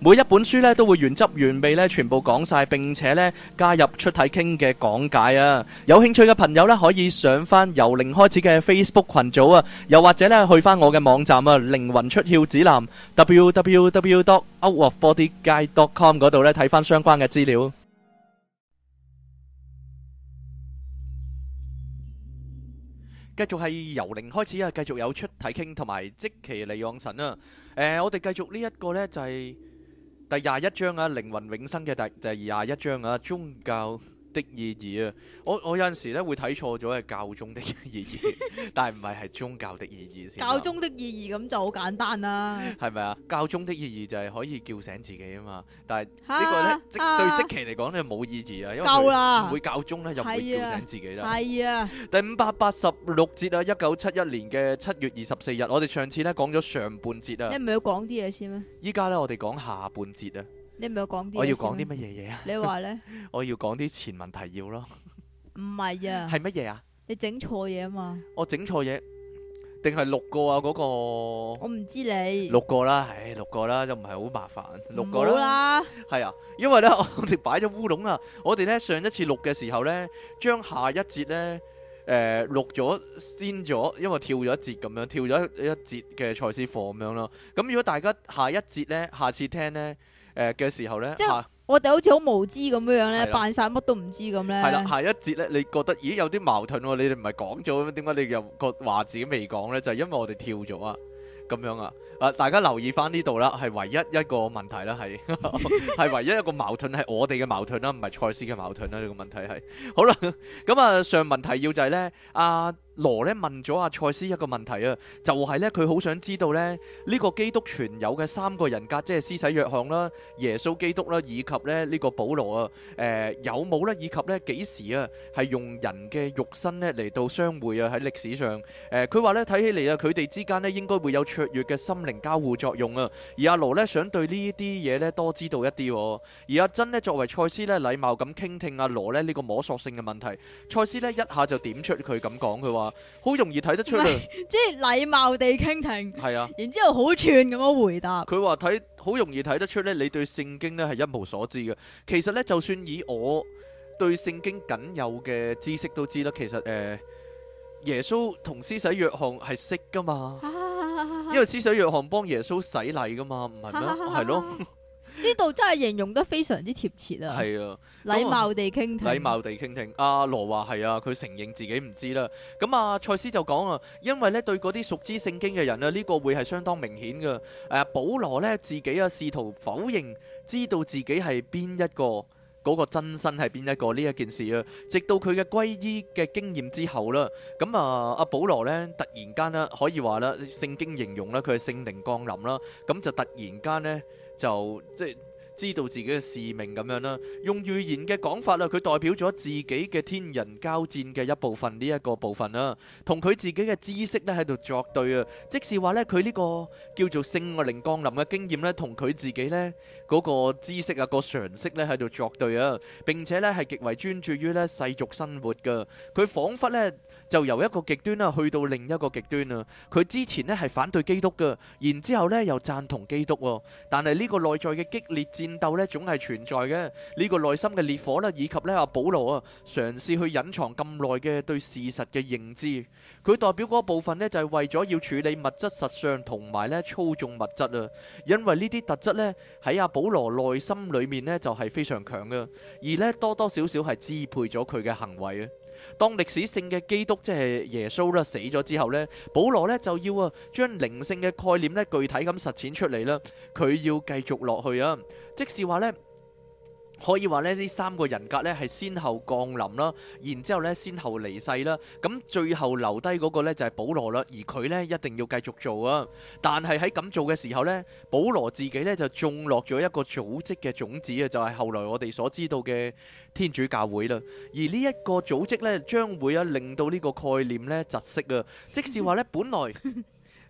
每一本書咧都會原汁原味咧全部講晒，並且咧加入出體傾嘅講解啊！有興趣嘅朋友咧可以上翻由零開始嘅 Facebook 群組啊，又或者咧去翻我嘅網站啊，靈魂出竅指南 www.outofbodyguide.com 嗰度咧睇翻相關嘅資料。繼續係由零開始啊！繼續有出體傾同埋即期利用神啊！誒、呃，我哋繼續呢一個咧就係、是。第廿一章啊，靈魂永生嘅第，第廿一章啊，宗教的意義啊，我我有陣時咧會睇錯咗係教宗的意義， 但係唔係係宗教的意義先。教宗的意義咁就好簡單啦。係咪啊？教宗的意義就係可以叫醒自己啊嘛。但係呢個咧哈，對職期嚟講咧冇意義啊，因為唔會教宗咧夠了又唔會，啊，會叫醒自己啦。係啊。啊第五百八十六節啊，一九七一年嘅七月二十四日，我哋上次咧講咗上半節啊。你唔係要講啲嘢先咩？依家咧我哋講下半節啊。你唔要講啲，我要講啲乜嘢嘢啊？你話咧， 我要講啲前文提要咯，唔係啊，係乜嘢啊？你整錯嘢啊嘛？我整錯嘢，定係錄過啊？嗰、那個我唔知你錄過啦，唉、哎，錄過啦，就唔係好麻煩，錄過啦，係啊，因為咧我我哋擺咗烏龍啊，我哋咧上一次錄嘅時候咧，將下一節咧誒錄咗先咗，因為跳咗一節咁樣，跳咗一節嘅賽斯課咁樣咯。咁如果大家下一節咧，下次聽咧。誒嘅、呃、時候咧，即係、啊、我哋好似好無知咁樣呢是、啊、知樣咧、啊，扮晒乜都唔知咁咧。係啦，下一節咧，你覺得咦有啲矛盾喎、啊？你哋唔係講咗咩？點解你又個話自己未講咧？就係、因為我哋跳咗啊，咁樣啊，啊大家留意翻呢度啦，係唯一一個問題啦，係係 唯一一個矛盾係 我哋嘅矛盾啦、啊，唔係賽斯嘅矛盾啦、啊，呢、這個問題係。好啦，咁啊上問題要就係咧，阿、啊。羅咧問咗阿賽斯一個問題啊，就係咧佢好想知道咧呢個基督存有嘅三個人格，即係施洗約翰啦、耶穌基督啦，以及咧呢個保羅啊，誒、呃、有冇咧？以及咧幾時啊係用人嘅肉身咧嚟到相會啊？喺歷史上，誒佢話咧睇起嚟啊，佢哋之間咧應該會有卓越嘅心靈交互作用啊。而阿羅咧想對呢啲嘢咧多知道一啲，而阿珍呢，作為賽斯呢，禮貌咁傾聽阿羅呢呢個摸索性嘅問題，賽斯呢，一下就點出佢咁講佢話。好容易睇得出啦，即係禮貌地傾聽，係啊，然之後好串咁樣回答。佢話睇好容易睇得出咧，你對聖經咧係一無所知嘅。其實咧，就算以我對聖經僅有嘅知識都知啦。其實誒、呃，耶穌同施洗約翰係識噶嘛， 因為施洗約翰幫耶穌洗禮噶嘛，唔係咩？係咯。呢度真係形容得非常之貼切啊！係啊，禮貌地傾聽，禮貌地傾聽。阿羅話係啊，佢、啊、承認自己唔知啦。咁啊，賽斯就講啊，因為咧對嗰啲熟知聖經嘅人啊，呢、這個會係相當明顯嘅。誒、啊，保羅咧自己啊試圖否認知道自己係邊一個，嗰、那個真身係邊一個呢一件事啊。直到佢嘅皈依嘅經驗之後啦，咁啊，阿、啊、保羅咧突然間咧可以話啦，聖經形容啦佢係聖靈降臨啦，咁就突然間咧。就即係知道自己嘅使命咁樣啦，用預言嘅講法啦，佢代表咗自己嘅天人交戰嘅一部分呢一個部分啊，同佢自己嘅知識呢喺度作對啊！即是話呢，佢呢個叫做聖靈降臨嘅經驗呢，同佢自己呢嗰個知識啊，個常識呢喺度作對啊！並且呢，係極為專注於呢世俗生活嘅，佢仿佛呢。就由一個極端啦，去到另一個極端啦。佢之前咧係反對基督嘅，然之後咧又贊同基督。但係呢個內在嘅激烈戰鬥咧，總係存在嘅。呢個內心嘅烈火啦，以及咧阿保羅啊，嘗試去隱藏咁耐嘅對事實嘅認知。佢代表嗰部分咧，就係為咗要處理物質實相同埋咧操縱物質啊。因為呢啲特質咧喺阿保羅內心裏面咧就係非常強嘅，而咧多多少少係支配咗佢嘅行為啊。當歷史性嘅基督即係、就是、耶穌啦死咗之後呢，保羅呢就要啊將靈性嘅概念呢具體咁實踐出嚟，啦，佢要繼續落去啊，即是話呢。可以話呢，呢三個人格咧，係先後降臨啦，然之後咧，先後離世啦，咁最後留低嗰個咧，就係保羅啦，而佢咧，一定要繼續做啊。但係喺咁做嘅時候咧，保羅自己咧，就種落咗一個組織嘅種子啊，就係後來我哋所知道嘅天主教會啦。而呢一個組織咧，將會啊令到呢個概念咧窒息啊。即是話咧，本來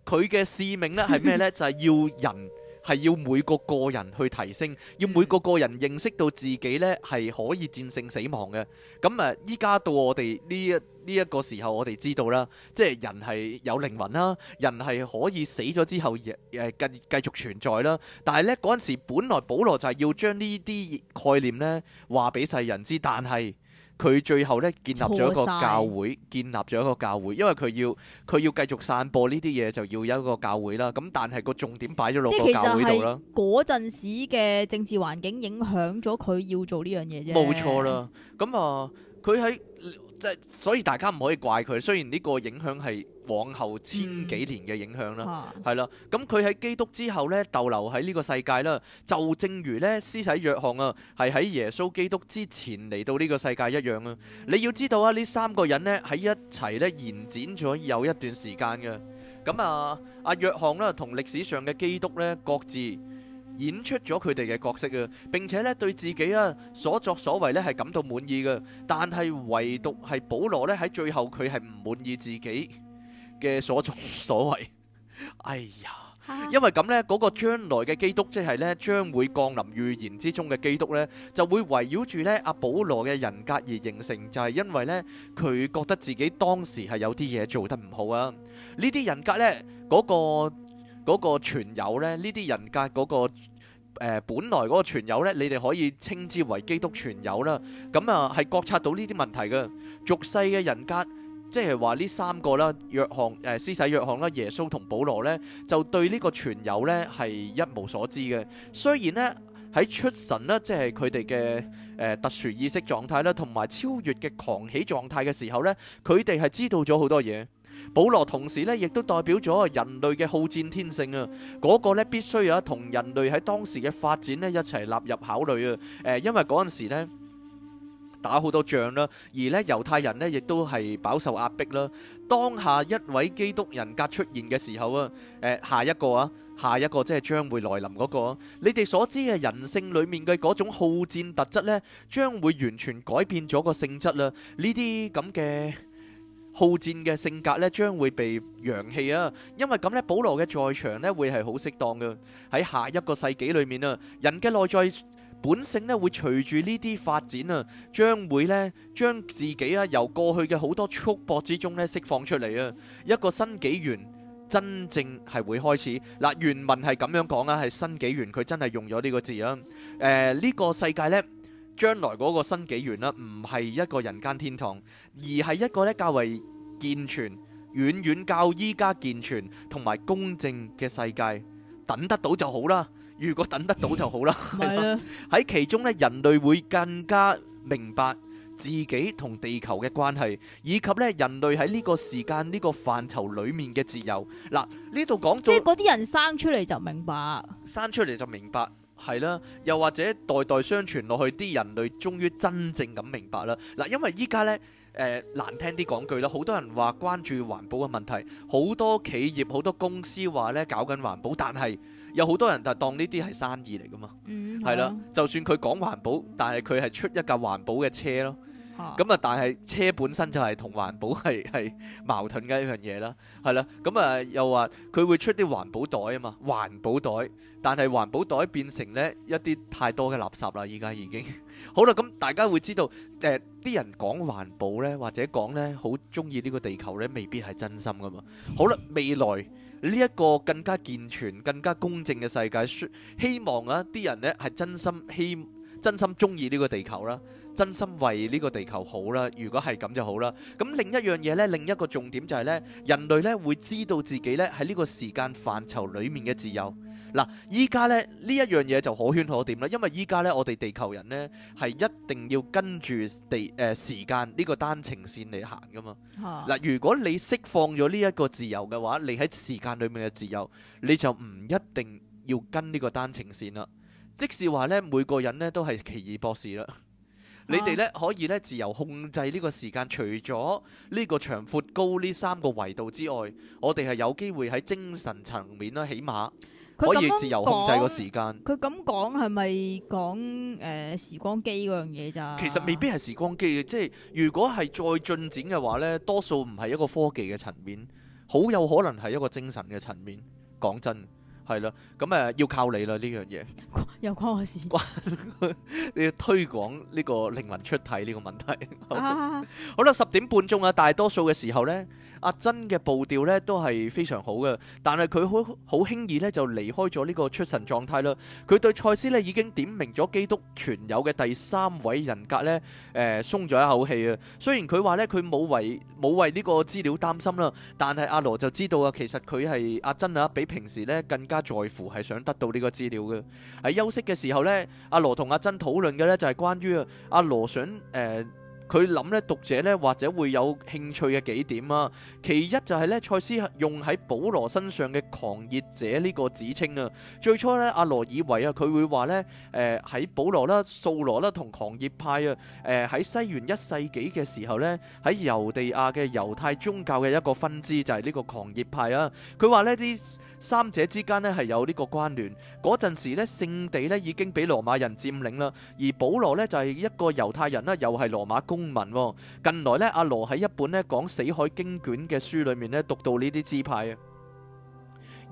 佢嘅使命咧係咩咧，就係要人。係要每個個人去提升，要每個個人認識到自己呢係可以戰勝死亡嘅。咁、嗯、啊，依家到我哋呢一呢一個時候，我哋知道啦，即係人係有靈魂啦、啊，人係可以死咗之後，誒、呃、繼續存在啦、啊。但係呢嗰陣時，本來保羅就係要將呢啲概念呢話俾世人知，但係。佢最後咧建立咗一個教會，了建立咗一個教會，因為佢要佢要繼續散播呢啲嘢，就要有一個教會啦。咁但係個重點擺咗落個教會度啦。嗰陣時嘅政治環境影響咗佢要做呢樣嘢啫。冇錯啦。咁啊，佢喺。即所以大家唔可以怪佢。雖然呢個影響係往後千幾年嘅影響啦，係啦、嗯。咁佢喺基督之後咧逗留喺呢個世界啦，就正如呢施洗約翰啊，係喺耶穌基督之前嚟到呢個世界一樣啊。你要知道啊，呢三個人呢喺一齊呢延展咗有一段時間嘅。咁啊，阿、啊、約翰呢同歷史上嘅基督呢各自。演出咗佢哋嘅角色啊，並且咧對自己啊所作所為咧係感到滿意嘅，但係唯獨係保羅咧喺最後佢係唔滿意自己嘅所作所為。哎呀，因為咁咧嗰個將來嘅基督，即係咧將會降臨預言之中嘅基督咧，就會圍繞住咧阿保羅嘅人格而形成，就係因為咧佢覺得自己當時係有啲嘢做得唔好啊。呢啲人格咧嗰個。嗰個存有咧，呢啲人格嗰、那個、呃、本來嗰個存有咧，你哋可以稱之為基督存有啦。咁啊，係覺察到呢啲問題嘅俗世嘅人格，即係話呢三個啦，約翰，誒，施洗約翰啦，耶穌同保羅呢，就對呢個存有呢係一無所知嘅。雖然呢，喺出神啦，即係佢哋嘅誒，特殊意識狀態啦，同埋超越嘅狂喜狀態嘅時候呢，佢哋係知道咗好多嘢。保羅同時咧，亦都代表咗人類嘅好戰天性啊！嗰個咧必須啊，同人類喺當時嘅發展呢一齊納入考慮啊！誒，因為嗰陣時咧打好多仗啦，而呢猶太人呢，亦都係飽受壓迫啦。當下一位基督人格出現嘅時候啊，誒，下一個啊，下一個即係將會來臨嗰個啊！你哋所知嘅人性裏面嘅嗰種好戰特質呢，將會完全改變咗個性質啦！呢啲咁嘅。好戰嘅性格呢，將會被揚棄啊！因為咁呢，保羅嘅在場呢，會係好適當嘅。喺下一個世紀裏面啊，人嘅內在本性呢，會隨住呢啲發展啊，將會呢將自己啊由過去嘅好多束縛之中呢釋放出嚟啊！一個新紀元真正係會開始。嗱，原文係咁樣講啊，係新紀元佢真係用咗呢個字啊。誒，呢個世界呢。將來嗰個新紀元啦，唔係一個人間天堂，而係一個咧較為健全、遠遠較依家健全同埋公正嘅世界。等得到就好啦，如果等得到就好啦。係啦，喺其中咧，人類會更加明白自己同地球嘅關係，以及咧人類喺呢個時間呢個範疇裏面嘅自由。嗱，呢度講咗，即係嗰啲人生出嚟就明白，生出嚟就明白。係啦，又或者代代相傳落去，啲人類終於真正咁明白啦。嗱，因為依家呢，誒、呃、難聽啲講句啦，好多人話關注環保嘅問題，好多企業、好多公司話呢，搞緊環保，但係有好多人就當呢啲係生意嚟噶嘛，係啦。就算佢講環保，但係佢係出一架環保嘅車咯。咁啊、嗯，但係車本身就係同環保係係矛盾嘅一樣嘢啦，係啦。咁、嗯、啊、嗯，又話佢會出啲環保袋啊嘛，環保袋，但係環保袋變成咧一啲太多嘅垃圾啦，依家已經。 好啦，咁、嗯、大家會知道，誒、呃、啲人講環保咧，或者講咧好中意呢個地球咧，未必係真心噶嘛。好啦，未來呢一、呢個更加健全、更加公正嘅世界，希望啊啲人咧係真心希真心中意呢個地球啦。真心為呢個地球好啦。如果係咁就好啦。咁另一樣嘢咧，另一個重點就係咧，人類咧會知道自己咧喺呢個時間範疇裡面嘅自由。嗱，依家咧呢一樣嘢就可圈可點啦，因為依家咧我哋地球人咧係一定要跟住地誒時間呢個單程線嚟行㗎嘛。嗱，如果你釋放咗呢一個自由嘅話，你喺時間裡面嘅自由你就唔一定要跟呢個單程線啦。即是話咧，每個人咧都係奇異博士啦。你哋咧可以咧自由控制呢個時間，除咗呢個長、闊、高呢三個維度之外，我哋係有機會喺精神層面啦，起碼可以自由控制個時間。佢咁講係咪講誒時光機嗰樣嘢咋？其實未必係時光機，即係如果係再進展嘅話咧，多數唔係一個科技嘅層面，好有可能係一個精神嘅層面。講真。係咯，咁誒、呃、要靠你啦呢樣嘢，又關我事？ 你要推廣呢個靈魂出體呢個問題。好啦，十點半鐘啊，大 多數嘅時候咧。阿珍嘅步調咧都係非常好嘅，但係佢好好輕易咧就離開咗呢個出神狀態啦。佢對賽斯咧已經點明咗基督全有嘅第三位人格咧，誒、呃、鬆咗一口氣啊。雖然佢話咧佢冇為冇為呢個資料擔心啦，但係阿羅就知道啊，其實佢係阿珍啊，比平時咧更加在乎係想得到呢個資料嘅。喺休息嘅時候咧，阿羅同阿珍討論嘅咧就係關於阿羅想誒。呃佢諗咧讀者咧或者會有興趣嘅幾點啊，其一就係咧賽斯用喺保羅身上嘅狂熱者呢個指稱啊，最初咧阿、啊、羅以為啊佢會話咧，誒喺保羅啦、掃羅啦同狂熱派啊，誒喺、呃呃、西元一世紀嘅時候咧喺猶地亞嘅猶太宗教嘅一個分支就係呢個狂熱派啊，佢話呢啲。三者之間咧係有呢個關聯。嗰陣時咧，聖地咧已經俾羅馬人佔領啦。而保羅咧就係一個猶太人啦，又係羅馬公民。近來咧，阿羅喺一本咧講死海經卷嘅書裏面咧讀到呢啲支派啊。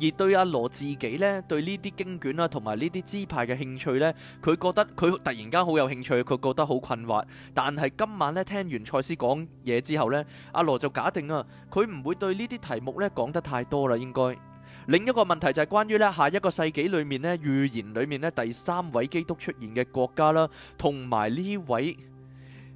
而對阿羅自己咧，對呢啲經卷啦同埋呢啲支派嘅興趣咧，佢覺得佢突然間好有興趣，佢覺得好困惑。但係今晚咧聽完賽斯講嘢之後咧，阿羅就假定啊，佢唔會對呢啲題目咧講得太多啦，應該。另一個問題就係關於呢：下一個世紀裏面呢，預言裏面呢，第三位基督出現嘅國家啦，同埋呢位。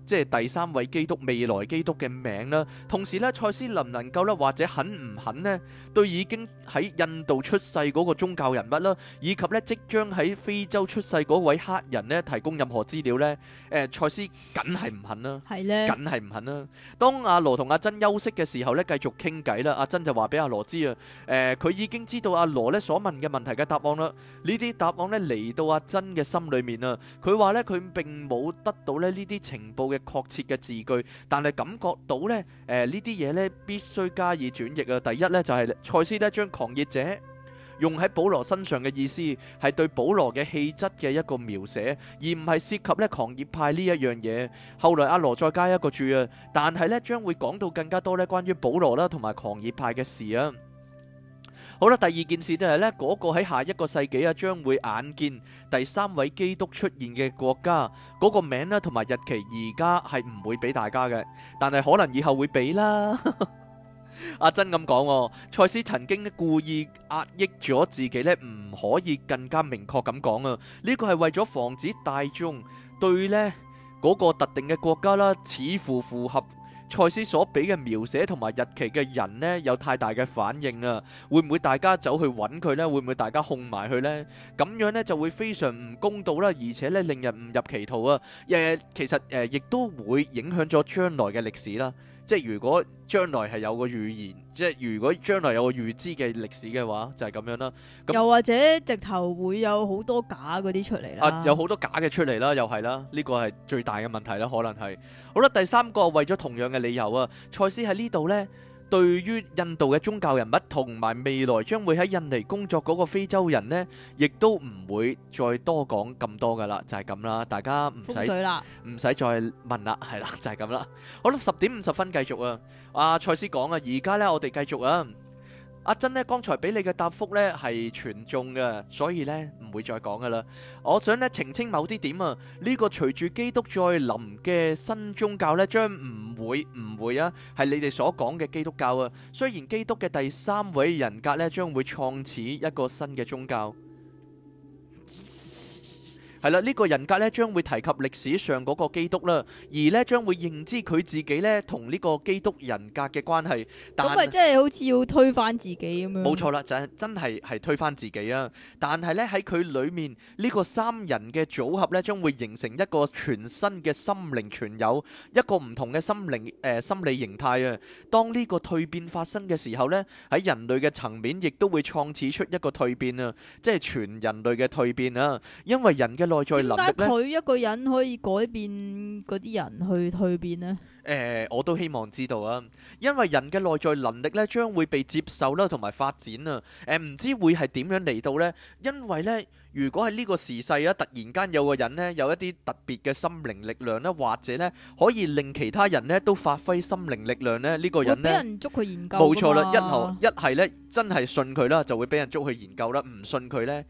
即係第三位基督、未來基督嘅名啦。同時咧，塞斯能唔能夠咧，或者肯唔肯咧，對已經喺印度出世個宗教人物啦，以及咧即將喺非洲出世嗰位黑人咧，提供任何資料咧？誒、呃、塞斯梗係唔肯啦，係梗係唔肯啦。當阿羅同阿珍休息嘅時候咧，繼續傾偈啦。阿珍就話俾阿羅知啊，誒、呃、佢已經知道阿羅咧所問嘅問題嘅答案啦。呢啲答案咧嚟到阿珍嘅心裏面啊，佢話咧佢並冇得到咧呢啲情報嘅，確切嘅字句，但係感覺到咧，誒、呃、呢啲嘢咧必須加以轉譯啊！第一呢，就係、是、賽斯咧將狂熱者用喺保羅身上嘅意思，係對保羅嘅氣質嘅一個描寫，而唔係涉及咧狂熱派呢一樣嘢。後來阿羅再加一個注啊，但係呢將會講到更加多咧關於保羅啦同埋狂熱派嘅事啊。好啦，第二件事就係咧，嗰個喺下一個世紀啊，將會眼見第三位基督出現嘅國家，嗰個名咧同埋日期，而家係唔會俾大家嘅，但係可能以後會俾啦。阿珍咁講，賽斯曾經故意壓抑咗自己咧，唔可以更加明確咁講啊，呢個係為咗防止大眾對咧嗰個特定嘅國家啦，似乎符合。賽斯所俾嘅描寫同埋日期嘅人呢，有太大嘅反應啊，會唔會大家走去揾佢呢？會唔會大家控埋佢呢？咁樣呢就會非常唔公道啦，而且呢令人誤入歧途啊。誒、呃，其實誒、呃、亦都會影響咗將來嘅歷史啦。即係如果將來係有個預言，即係如果將來有個預知嘅歷史嘅話，就係咁樣啦。又或者直頭會有好多假嗰啲出嚟啦。啊，有好多假嘅出嚟啦，又係啦，呢個係最大嘅問題啦，可能係。好啦，第三個為咗同樣嘅理由啊，賽斯喺呢度咧。對於印度嘅宗教人物同埋未來將會喺印尼工作嗰個非洲人呢，亦都唔會再多講咁多噶啦，就係咁啦，大家唔使唔使再問啦，係啦，就係咁啦。好啦，十點五十分繼續啊，阿賽斯講啊，而家呢，我哋繼續啊。阿珍呢，剛才俾你嘅答覆呢係全中嘅，所以呢唔會再講噶啦。我想呢澄清某啲點啊，呢、個隨住基督再臨嘅新宗教呢，將唔會唔會啊係你哋所講嘅基督教啊。雖然基督嘅第三位人格呢，將會創始一個新嘅宗教。係啦，呢個人格咧將會提及歷史上嗰個基督啦，而咧將會認知佢自己咧同呢個基督人格嘅關係。咁咪即係好似要推翻自己咁樣？冇錯啦，就係真係係推翻自己啊！但係咧喺佢裏面呢個三人嘅組合咧，將會形成一個全新嘅心靈存有，一個唔同嘅心靈誒心理形態啊！當呢個蛻變發生嘅時候咧，喺人類嘅層面亦都會創始出一個蛻變啊，即係全人類嘅蛻變啊！因為人嘅路。點解佢一個人可以改變嗰啲人去蛻變咧？誒，我都希望知道啊，因為人嘅內在能力咧，將會被接受啦，同埋發展啊。誒，唔知會係點樣嚟到咧？因為咧，如果喺呢個時勢啊，突然間有個人咧，有一啲特別嘅心靈力量咧，或者咧，可以令其他人咧都發揮心靈力量咧，呢個人咧，俾人捉去研究。冇錯啦，一後一係咧，真係信佢啦，就會俾人捉去研究啦；唔信佢咧。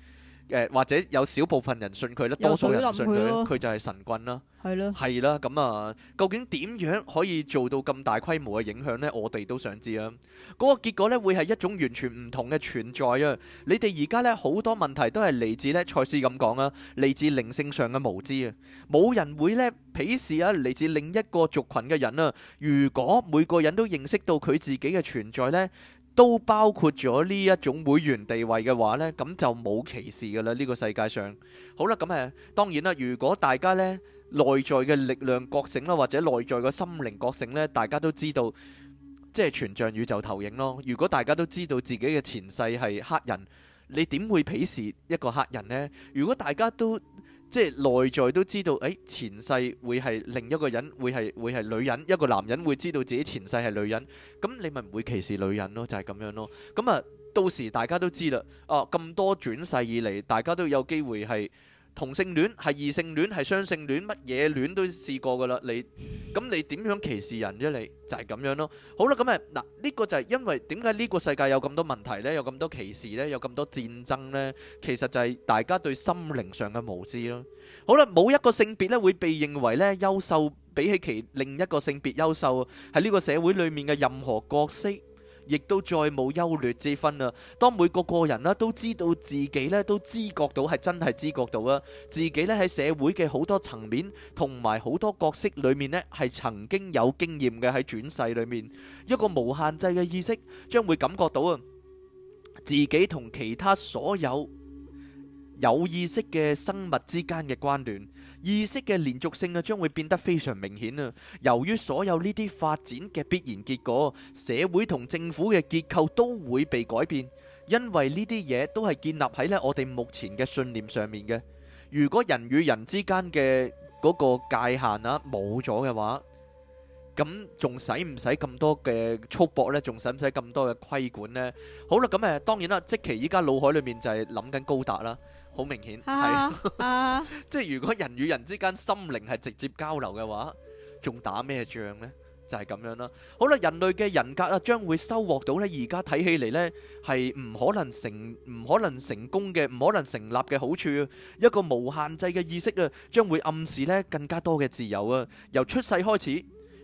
誒、呃、或者有少部分人信佢啦，多數人信佢，佢就係神棍啦。係咯是的，係啦，咁啊，究竟點樣可以做到咁大規模嘅影響呢？我哋都想知啊。嗰、那個結果呢，會係一種完全唔同嘅存在啊。你哋而家呢，好多問題都係嚟自呢，賽斯咁講啊，嚟自靈性上嘅無知啊。冇人會呢鄙視啊嚟自另一個族群嘅人啊。如果每個人都認識到佢自己嘅存在呢，都包括咗呢一種會員地位嘅話呢，咁就冇歧視噶啦，呢個世界上。好啦，咁誒，當然啦，如果大家咧內在嘅力量覺醒啦，或者內在嘅心靈覺醒呢，大家都知道，即係全像宇宙投影咯。如果大家都知道自己嘅前世係黑人，你點會鄙視一個黑人呢？如果大家都即係內在都知道，誒、哎、前世會係另一個人，會係會係女人，一個男人會知道自己前世係女人，咁你咪唔會歧視女人咯，就係、是、咁樣咯。咁、嗯、啊，到時大家都知啦。咁、啊、多轉世以嚟，大家都有機會係。同性戀係、異性戀係、雙性戀乜嘢戀都試過噶啦，你咁你點樣歧視人啫？你就係、是、咁樣咯。好啦，咁誒嗱呢個就係，因為點解呢個世界有咁多問題呢？有咁多歧視呢？有咁多戰爭呢？其實就係大家對心靈上嘅無知咯。好啦，冇一個性別咧會被認為咧優秀比起其另一個性別優秀喺呢個社會裏面嘅任何角色。亦都再冇優劣之分啦。當每個個人啦，都知道自己呢，都知覺到係真係知覺到啊，自己呢喺社會嘅好多層面同埋好多角色裏面呢係曾經有經驗嘅。喺轉世裏面，一個無限制嘅意識將會感覺到啊，自己同其他所有有意識嘅生物之間嘅關聯。意識嘅連續性啊，將會變得非常明顯啊！由於所有呢啲發展嘅必然結果，社會同政府嘅結構都會被改變，因為呢啲嘢都係建立喺咧我哋目前嘅信念上面嘅。如果人與人之間嘅嗰個界限啊冇咗嘅話，咁仲使唔使咁多嘅束縛呢？仲使唔使咁多嘅規管呢？好啦，咁啊，當然啦，即其依家腦海裡面就係諗緊高達啦。好明顯，係即係如果人與人之間心靈係直接交流嘅話，仲打咩仗呢？就係咁樣啦。好啦，人類嘅人格啊，將會收穫到呢，而家睇起嚟呢係唔可能成唔可能成功嘅，唔可能成立嘅好處。一個無限制嘅意識啊，將會暗示呢更加多嘅自由啊，由出世開始。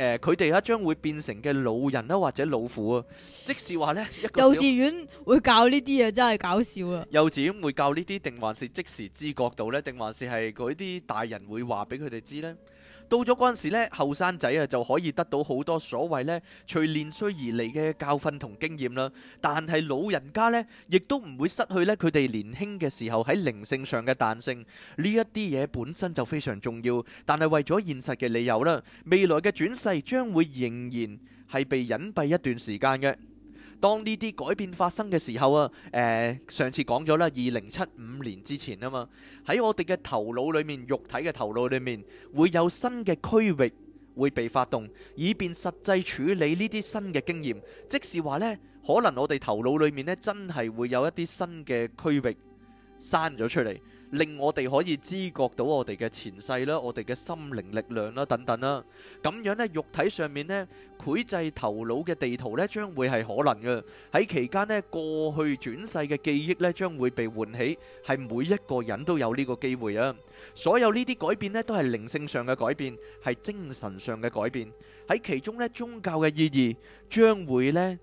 誒，佢哋一將會變成嘅老人啦、啊，或者老虎啊，即使話呢幼稚園會教呢啲嘢真係搞笑啊！幼稚園會教呢啲，定還是即時知覺到呢？定還是係嗰啲大人會話俾佢哋知呢？到咗嗰陣時呢，後生仔啊就可以得到好多所謂呢隨年衰而嚟嘅教訓同經驗啦。但係老人家呢，亦都唔會失去呢佢哋年輕嘅時候喺靈性上嘅彈性。呢一啲嘢本身就非常重要。但係為咗現實嘅理由啦，未來嘅轉世將會仍然係被隱蔽一段時間嘅。當呢啲改變發生嘅時候啊，誒、呃、上次講咗啦，二零七五年之前啊嘛，喺我哋嘅頭腦裏面，肉體嘅頭腦裏面會有新嘅區域會被發動，以便實際處理呢啲新嘅經驗，即是話呢，可能我哋頭腦裏面呢，真係會有一啲新嘅區域生咗出嚟。令我哋可以知覺到我哋嘅前世啦，我哋嘅心靈力量啦，等等啦，咁樣呢，肉體上面呢繪製頭腦嘅地圖呢，將會係可能嘅。喺期間呢，過去轉世嘅記憶呢，將會被喚起。係每一個人都有呢個機會啊！所有呢啲改變呢，都係靈性上嘅改變，係精神上嘅改變。喺其中呢，宗教嘅意義將會呢。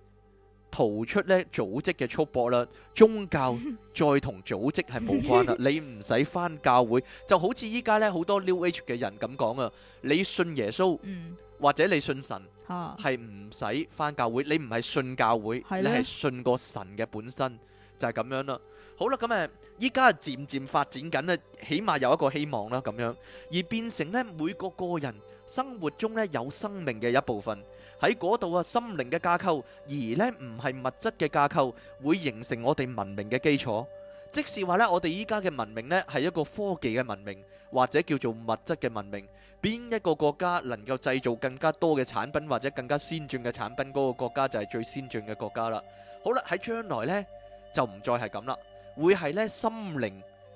逃出咧組織嘅束縛啦，宗教再同組織係冇關啦，你唔使翻教會，就好似依家咧好多 New Age 嘅人咁講啊，你信耶穌，嗯，或者你信神，係唔使翻教會，你唔係信教會，你係信個神嘅本身，就係咁樣啦。好啦，咁誒，依家係漸漸發展緊咧，起碼有一個希望啦，咁樣而變成咧每個個人生活中咧有生命嘅一部分。喺嗰度啊，心靈嘅架構，而呢唔係物質嘅架構，會形成我哋文明嘅基礎。即是話呢，我哋依家嘅文明呢，係一個科技嘅文明，或者叫做物質嘅文明。邊一個國家能夠製造更加多嘅產品或者更加先進嘅產品，嗰個國家就係最先進嘅國家啦。好啦，喺將來呢，就唔再係咁啦，會係呢，心靈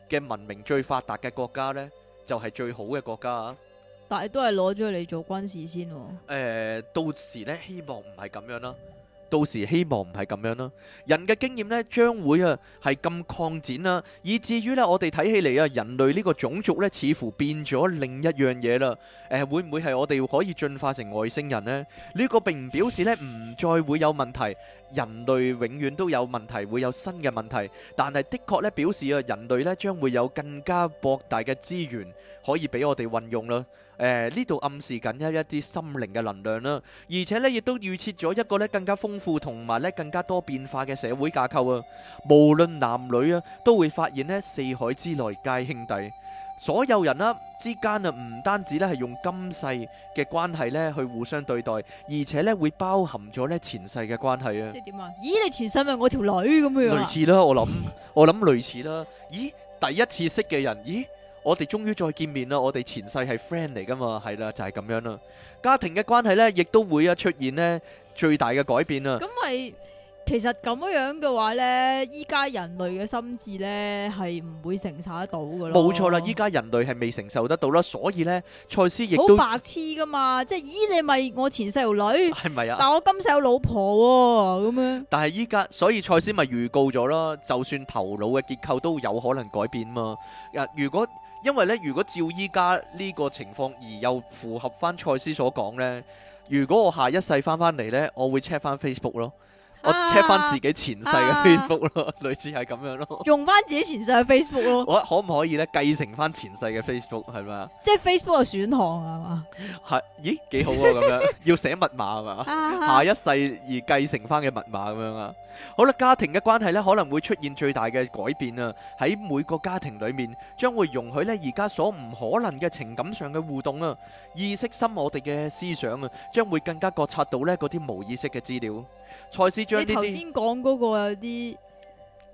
嘅文明最發達嘅國家呢，就係、是、最好嘅國家啊！但係都係攞咗嚟做軍事先喎。誒，到時咧希望唔係咁樣啦。到時希望唔係咁樣啦。人嘅經驗咧將會啊係咁擴展啦，以至於咧我哋睇起嚟啊，人類呢個種族咧似乎變咗另一樣嘢啦。誒，會唔會係我哋可以進化成外星人咧？呢個並唔表示咧唔再會有問題。人類永遠都有問題，會有新嘅問題。但係的確咧表示啊，人類咧將會有更加博大嘅資源可以俾我哋運用啦。誒，呢度暗示緊一一啲心靈嘅能量啦，而且呢亦都預設咗一個呢更加豐富同埋呢更加多變化嘅社會架構啊。無論男女啊，都會發現呢四海之內皆兄弟，所有人啦之間啊唔單止呢係用今世嘅關係呢去互相對待，而且呢會包含咗呢前世嘅關係啊。即係點啊？咦，你前世咪我條女咁樣？類似啦，我諗我諗類似啦。咦，第一次識嘅人，咦？我哋終於再見面啦！我哋前世係 friend 嚟噶嘛，係啦，就係咁樣啦。家庭嘅關係咧，亦都會啊出現咧最大嘅改變啦！咁咪其實咁樣樣嘅話咧，依家人類嘅心智咧係唔會承受得到噶啦。冇錯啦，依家人類係未承受得到啦，所以咧，賽斯亦都好白癡噶嘛！即係咦，你咪我前世條女係咪啊？但係我今世有老婆咁樣。但係依家所以賽斯咪預告咗咯，就算頭腦嘅結構都有可能改變嘛。若如果因為咧，如果照依家呢個情況，而又符合翻賽斯所講呢，如果我下一世翻返嚟呢，我會 check 翻 Facebook 咯。我 check 翻自己前世嘅 Facebook 咯，類似係咁樣咯，用翻自己前世嘅 Facebook 咯。 我可唔可以咧，繼承翻前世嘅 Facebook 係咪啊？即係 Facebook 嘅選項啊係，咦，幾好啊！咁 樣要寫密碼係嘛？ 下一世而繼承翻嘅密碼咁樣啊？好啦，家庭嘅關係咧可能會出現最大嘅改變啊！喺每個家庭裏面，將會容許咧而家所唔可能嘅情感上嘅互動啊！意識深我哋嘅思想啊，將會更加覺察到咧嗰啲無意識嘅資料，才是。你頭先講嗰個有啲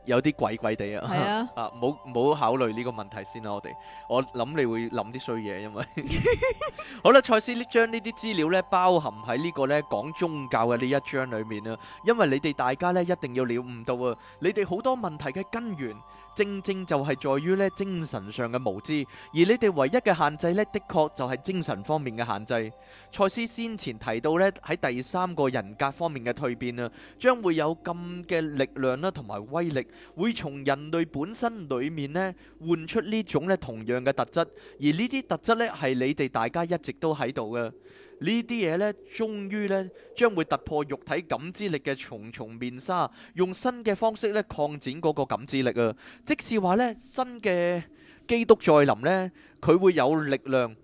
有啲鬼鬼地啊，啊，冇冇考慮呢個問題先啦，我哋我諗你會諗啲衰嘢，因為 好啦，賽斯呢將呢啲資料咧包含喺呢個咧講宗教嘅呢一章裏面啦，因為你哋大家咧一定要了悟到啊，你哋好多問題嘅根源。正正就係在於咧，精神上嘅無知，而你哋唯一嘅限制呢，的確就係精神方面嘅限制。賽斯先前提到呢，喺第三個人格方面嘅蛻變啊，將會有咁嘅力量啦，同埋威力，會從人類本身裏面呢換出種呢種咧，同樣嘅特質，而呢啲特質呢，係你哋大家一直都喺度嘅。呢啲嘢呢，終於呢，將會突破肉體感知力嘅重重面紗，用新嘅方式咧，擴展嗰個感知力啊！即使話呢，新嘅基督再臨呢，佢會有力量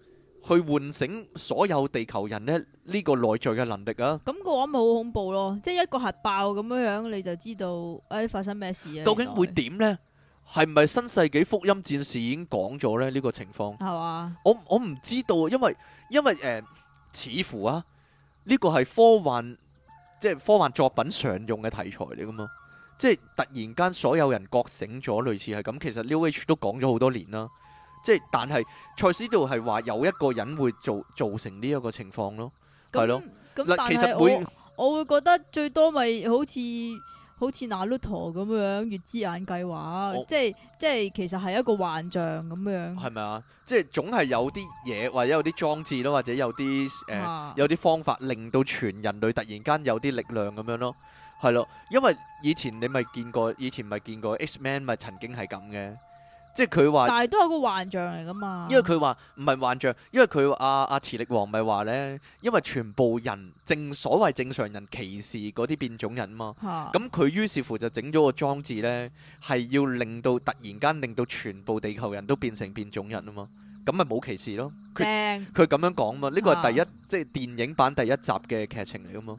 去喚醒所有地球人呢呢個內在嘅能力啊！咁個話咪好恐怖咯，即係一個核爆咁樣樣，你就知道誒發生咩事啊？究竟會點呢？係唔係新世紀福音戰士已經講咗呢呢個情況？係啊？我我唔知道，因為因為誒。似乎啊，呢、這個係科幻，即係科幻作品常用嘅題材嚟噶嘛，即係突然間所有人覺醒咗，類似係咁。其實 New Age 都講咗好多年啦，即係但係賽斯道係話有一個人會做造成呢一個情況咯，係、嗯、咯。咁其實會，我會覺得最多咪好似。好似拿魯陀咁樣，月之眼計劃，oh, 即係即係其實係一個幻象咁樣。係咪啊？即係總係有啲嘢，或者有啲裝置咯，或者有啲誒，呃啊、有啲方法令到全人類突然間有啲力量咁樣咯。係咯，因為以前你咪見過，以前咪見過 X Man 咪曾經係咁嘅。即係佢話，但係都係個幻象嚟噶嘛。因為佢話唔係幻象，因為佢阿阿磁力王咪話咧，因為全部人正所謂正常人歧視嗰啲變種人啊嘛。咁佢、啊、於是乎就整咗個裝置咧，係要令到突然間令到全部地球人都變成變種人啊嘛。咁咪冇歧視咯。佢佢咁樣講啊嘛。呢個係第一、啊、即係電影版第一集嘅劇情嚟啊嘛。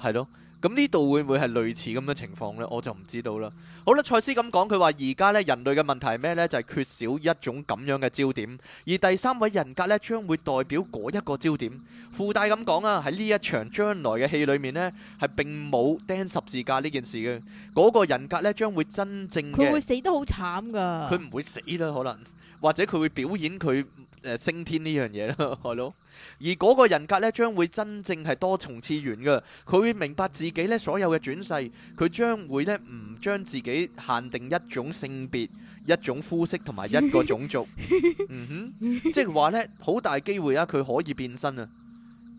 係咯。咁呢度會唔會係類似咁嘅情況呢？我就唔知道啦。好啦，賽斯咁講，佢話而家咧人類嘅問題係咩呢？就係、是、缺少一種咁樣嘅焦點，而第三位人格呢，將會代表嗰一個焦點。嗯、附帶咁講啊，喺呢一場將來嘅戲裏面呢，係並冇釘十字架呢件事嘅嗰個人格呢，將會真正佢會死得好慘㗎。佢唔會死啦，可能或者佢會表演佢。誒、呃，升天呢樣嘢咯，係咯，而嗰個人格呢，將會真正係多重次元㗎，佢會明白自己呢所有嘅轉世，佢將會呢，唔將自己限定一種性別、一種膚色同埋一個種族， 嗯哼，即係話呢，好大機會啊，佢可以變身啊！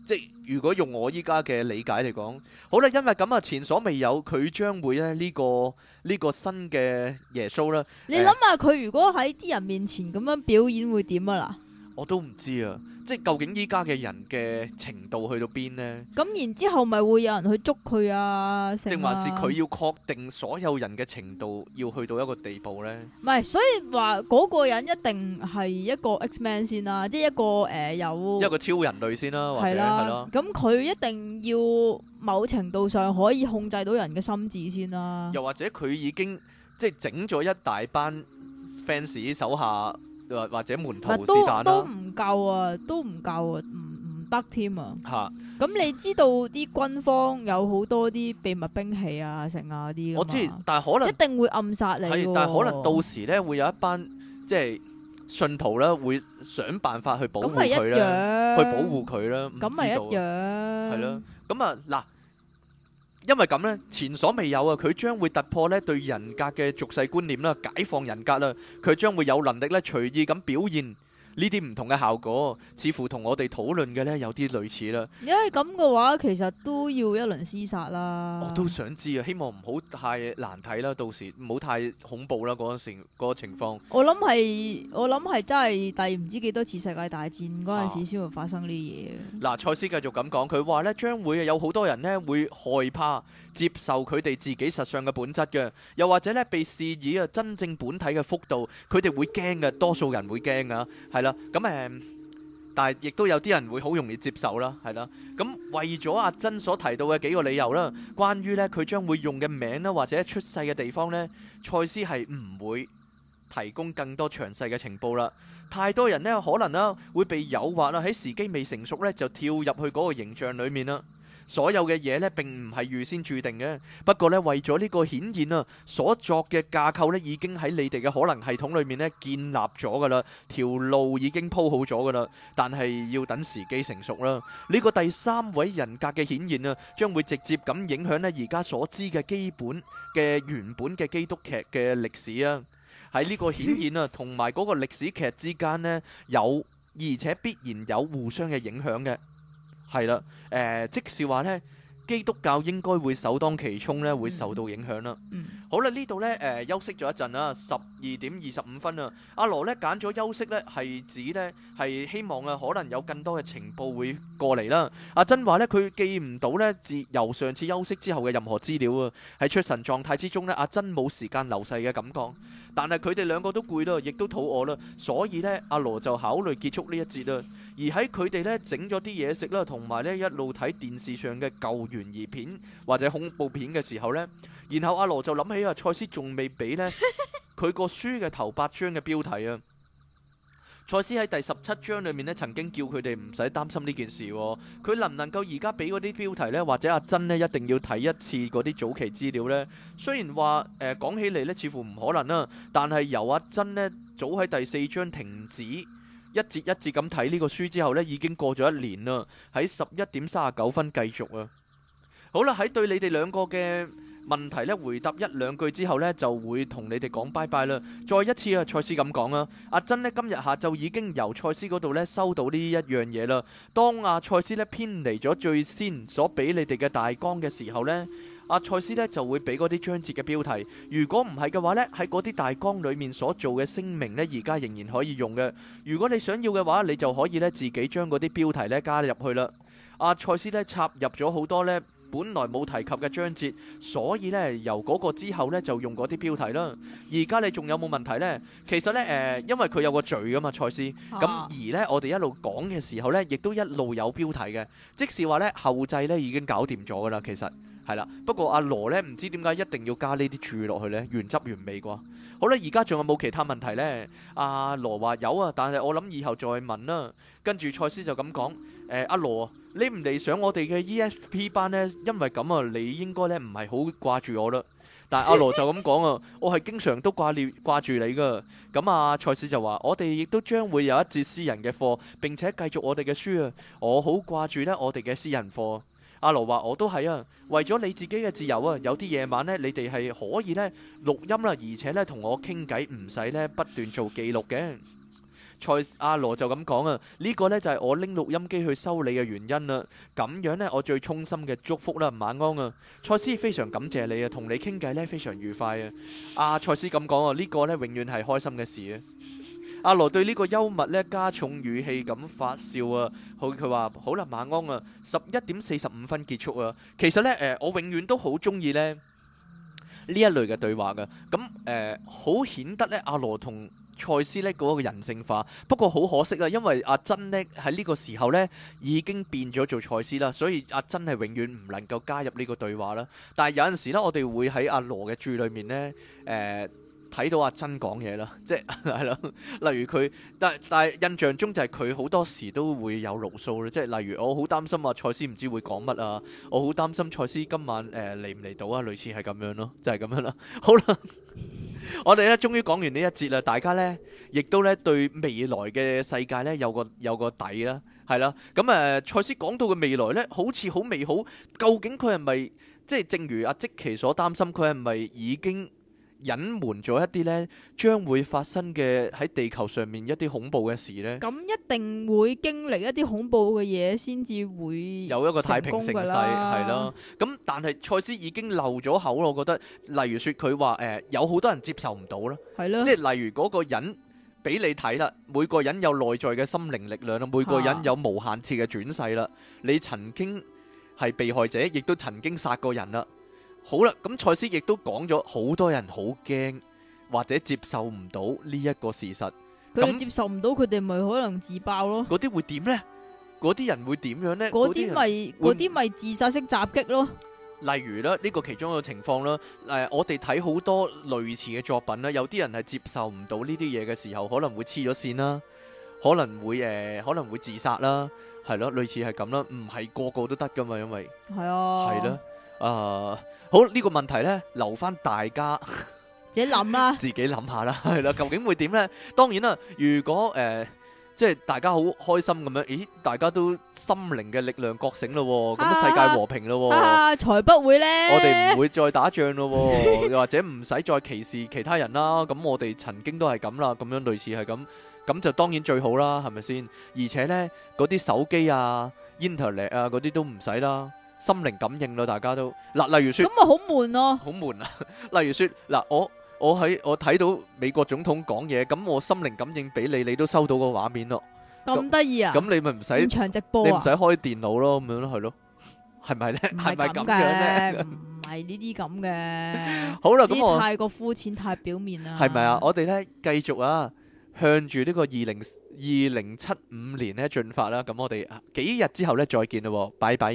即係如果用我依家嘅理解嚟講，好啦，因為咁啊，前所未有，佢將會呢呢、呢個呢、呢個新嘅耶穌啦。呃、你諗下，佢如果喺啲人面前咁樣表演，會點啊？嗱。我都唔知啊，即係究竟依家嘅人嘅程度去到邊咧？咁然之後咪會有人去捉佢啊？定還是佢要確定所有人嘅程度要去到一個地步咧？唔係，所以話嗰個人一定係一個 X Man 先啦、啊，即係一個誒、呃、有一個超人類先啦、啊，或者係咯。咁佢一定要某程度上可以控制到人嘅心智先啦、啊。又或者佢已經即係整咗一大班 fans 手下。或者門徒都都唔夠啊，都唔夠啊，唔唔得添啊！嚇！咁你知道啲軍方有好多啲秘密兵器啊、成啊嗰啲？我知，但係可能一定會暗殺你。係，但係可能到時咧會有一班即係信徒咧會想辦法去保護佢啦，去保護佢啦。咁咪一樣係咯？咁啊嗱。因為咁咧，前所未有啊！佢將會突破咧對人格嘅俗世觀念啦，解放人格啦，佢將會有能力咧隨意咁表現。呢啲唔同嘅效果，似乎同我哋討論嘅咧有啲類似啦。因為咁嘅話，其實都要一輪廝殺啦。我都想知啊，希望唔好太難睇啦，到時唔好太恐怖啦，嗰陣時嗰、嗰個情況，我諗係我諗係真係第唔知幾多次世界大戰嗰陣、啊、時先會發生呢嘢。嗱、啊，賽斯繼續咁講，佢話咧將會有好多人咧會害怕接受佢哋自己實相嘅本質嘅，又或者咧被示意啊真正本體嘅幅度，佢哋會驚嘅，多數人會驚啊。係咁誒、嗯，但係亦都有啲人會好容易接受啦，係啦。咁、嗯、為咗阿珍所提到嘅幾個理由啦，關於呢佢將會用嘅名啦，或者出世嘅地方呢，賽斯係唔會提供更多詳細嘅情報啦。太多人呢，可能呢，會被誘惑啦，喺時機未成熟呢，就跳入去嗰個形象裏面啦。所有嘅嘢呢，並唔係預先注定嘅。不過呢，為咗呢個顯現啊，所作嘅架構呢，已經喺你哋嘅可能系統裏面呢建立咗噶啦，條路已經鋪好咗噶啦。但係要等時機成熟啦。呢個第三位人格嘅顯現啊，將會直接咁影響呢而家所知嘅基本嘅原本嘅基督劇嘅歷史啊。喺呢個顯現啊，同埋嗰個歷史劇之間呢有，而且必然有互相嘅影響嘅。係啦，誒、呃，即是話咧，基督教應該會首當其衝咧，會受到影響啦。嗯，好啦，呢度咧，誒、呃，休息咗一陣啦，十二點二十五分啊呢。阿羅咧揀咗休息咧，係指咧係希望啊，可能有更多嘅情報會過嚟啦。阿珍話咧，佢記唔到咧自由上次休息之後嘅任何資料啊。喺出神狀態之中咧，阿珍冇時間流逝嘅感覺，但係佢哋兩個都攰啦，亦都肚餓啦，所以呢，阿、啊、羅就考慮結束呢一節啦。而喺佢哋咧整咗啲嘢食啦，同埋咧一路睇電視上嘅舊懸疑片或者恐怖片嘅時候呢，然後阿羅就諗起阿、啊、賽斯仲未俾呢佢個 書嘅頭八章嘅標題啊。賽斯喺第十七章裏面咧曾經叫佢哋唔使擔心呢件事、啊，佢能唔能夠而家俾嗰啲標題呢？或者阿珍咧一定要睇一次嗰啲早期資料呢？雖然話誒講起嚟咧似乎唔可能啦、啊，但係由阿珍咧早喺第四章停止，一節一節咁睇呢個書之後呢已經過咗一年啦。喺十一點三十九分繼續啊。好啦，喺對你哋兩個嘅問題呢回答一兩句之後呢就會同你哋講拜拜啦。再一次啊，賽斯咁講啊，阿珍呢今日下晝已經由賽斯嗰度呢收到呢一樣嘢啦。當阿賽斯呢偏離咗最先所俾你哋嘅大綱嘅時候呢，阿賽、啊、斯咧就會俾嗰啲章節嘅標題。如果唔係嘅話，呢喺嗰啲大綱裡面所做嘅聲明呢，而家仍然可以用嘅。如果你想要嘅話，你就可以呢自己將嗰啲標題呢加入去啦。阿、啊、賽斯呢插入咗好多呢本來冇提及嘅章節，所以呢由嗰個之後呢就用嗰啲標題啦。而家你仲有冇問題呢？其實呢，誒、呃，因為佢有個序噶嘛，賽斯咁、啊、而呢我哋一路講嘅時候呢，亦都一路有標題嘅，即是話呢後製呢已經搞掂咗噶啦。其實。係啦，不過阿羅咧唔知點解一定要加呢啲注落去呢？原汁原味啩。好啦，而家仲有冇其他問題呢？阿羅話有啊，但係我諗以後再問啦、啊。跟住賽斯就咁講：誒、呃，阿、啊、羅你唔嚟上我哋嘅 E S P 班呢？因為咁啊，你應該咧唔係好掛住我啦。但係阿羅就咁講啊， 我係經常都掛念掛住你噶。咁啊，賽斯就話：我哋亦都將會有一節私人嘅課，並且繼續我哋嘅書啊。我好掛住咧，我哋嘅私人課。阿羅話：我都係啊，為咗你自己嘅自由啊，有啲夜晚呢，你哋係可以呢錄音啦，而且呢同我傾偈唔使呢不斷做記錄嘅。賽阿羅就咁講啊，呢個呢就係我拎錄音機去收你嘅原因啦。咁樣呢，我最衷心嘅祝福啦，晚安啊。賽斯非常感謝你啊，同你傾偈呢非常愉快啊。阿賽斯咁講啊，呢個呢永遠係開心嘅事啊。阿羅對呢個幽默咧加重語氣咁發笑啊，好佢話好啦，晚安啊，十一點四十五分結束啊。其實咧，誒、呃，我永遠都好中意咧呢一類嘅對話噶。咁、嗯、誒，好、呃、顯得咧阿羅同賽斯咧嗰、那個人性化。不過好可惜啊，因為阿珍咧喺呢個時候咧已經變咗做賽斯啦，所以阿珍係永遠唔能夠加入呢個對話啦。但係有陣時咧，我哋會喺阿羅嘅注裏面咧，誒、呃。睇到阿珍講嘢啦，即係係啦。 例如佢，但係但係印象中就係佢好多時都會有牢騷咯。即係例如我好擔心啊，賽斯唔知會講乜啊，我好擔心賽斯今晚誒嚟唔嚟到啊，類似係咁樣咯，就係、是、咁樣啦。好啦， 我哋咧終於講完呢一節啦，大家咧亦都咧對未來嘅世界咧有個有個底、啊、啦，係啦。咁、呃、誒，賽斯講到嘅未來咧，好似好美好，究竟佢係咪即係正如阿積奇所擔心，佢係咪已經？隱瞞咗一啲呢，將會發生嘅喺地球上面一啲恐怖嘅事呢，咁一定會經歷一啲恐怖嘅嘢，先至會有一個太平盛世係咯。咁但係賽斯已經漏咗口咯，我覺得。例如說佢話誒，有好多人接受唔到啦，是的 即係例如嗰個人俾你睇啦，每個人有內在嘅心靈力量啦，每個人有無限次嘅轉世啦。啊、你曾經係被害者，亦都曾經殺過人啦。好啦，咁蔡司亦都講咗，好多人好驚或者接受唔到呢一個事實。佢哋他們 那接受唔到，佢哋咪可能自爆咯。嗰啲會點呢？嗰啲人會點樣呢？嗰啲咪嗰啲咪自殺式襲擊咯。例如啦，呢、這個其中一個情況啦。誒、呃，我哋睇好多類似嘅作品啦，有啲人係接受唔到呢啲嘢嘅時候，可能會黐咗線啦，可能會誒、呃，可能會自殺啦，係咯，類似係咁啦。唔係個個都得㗎嘛，因為係啊，係啦，啊、呃。呃好呢、呢個問題呢，留翻大家自己諗啦，自己諗下啦，係啦，究竟會點呢？當然啦，如果誒、呃，即係大家好開心咁樣，咦，大家都心靈嘅力量覺醒咯，咁哈世界和平咯，係啊，才不會呢。我哋唔會再打仗咯，又 或者唔使再歧視其他人啦。咁 我哋曾經都係咁啦，咁樣類似係咁，咁就當然最好啦，係咪先？而且呢，嗰啲手機啊、internet 啊嗰啲都唔使啦。心靈感應咯，大家都嗱，例如說咁咪好悶咯，好悶啊！例如說嗱，我我喺我睇到美國總統講嘢，咁我心靈感應俾你，你都收到個畫面咯，咁得意啊！咁你咪唔使現場直播，你唔使開電腦咯，咁樣咯，係咯，係咪咧？係咪咁樣咧？唔係呢啲咁嘅，好啦，咁我太過膚淺，太表面啦，係咪啊？我哋咧繼續啊，向住呢個二零二零七五年咧進發啦。咁我哋幾日之後咧再見啦，拜拜。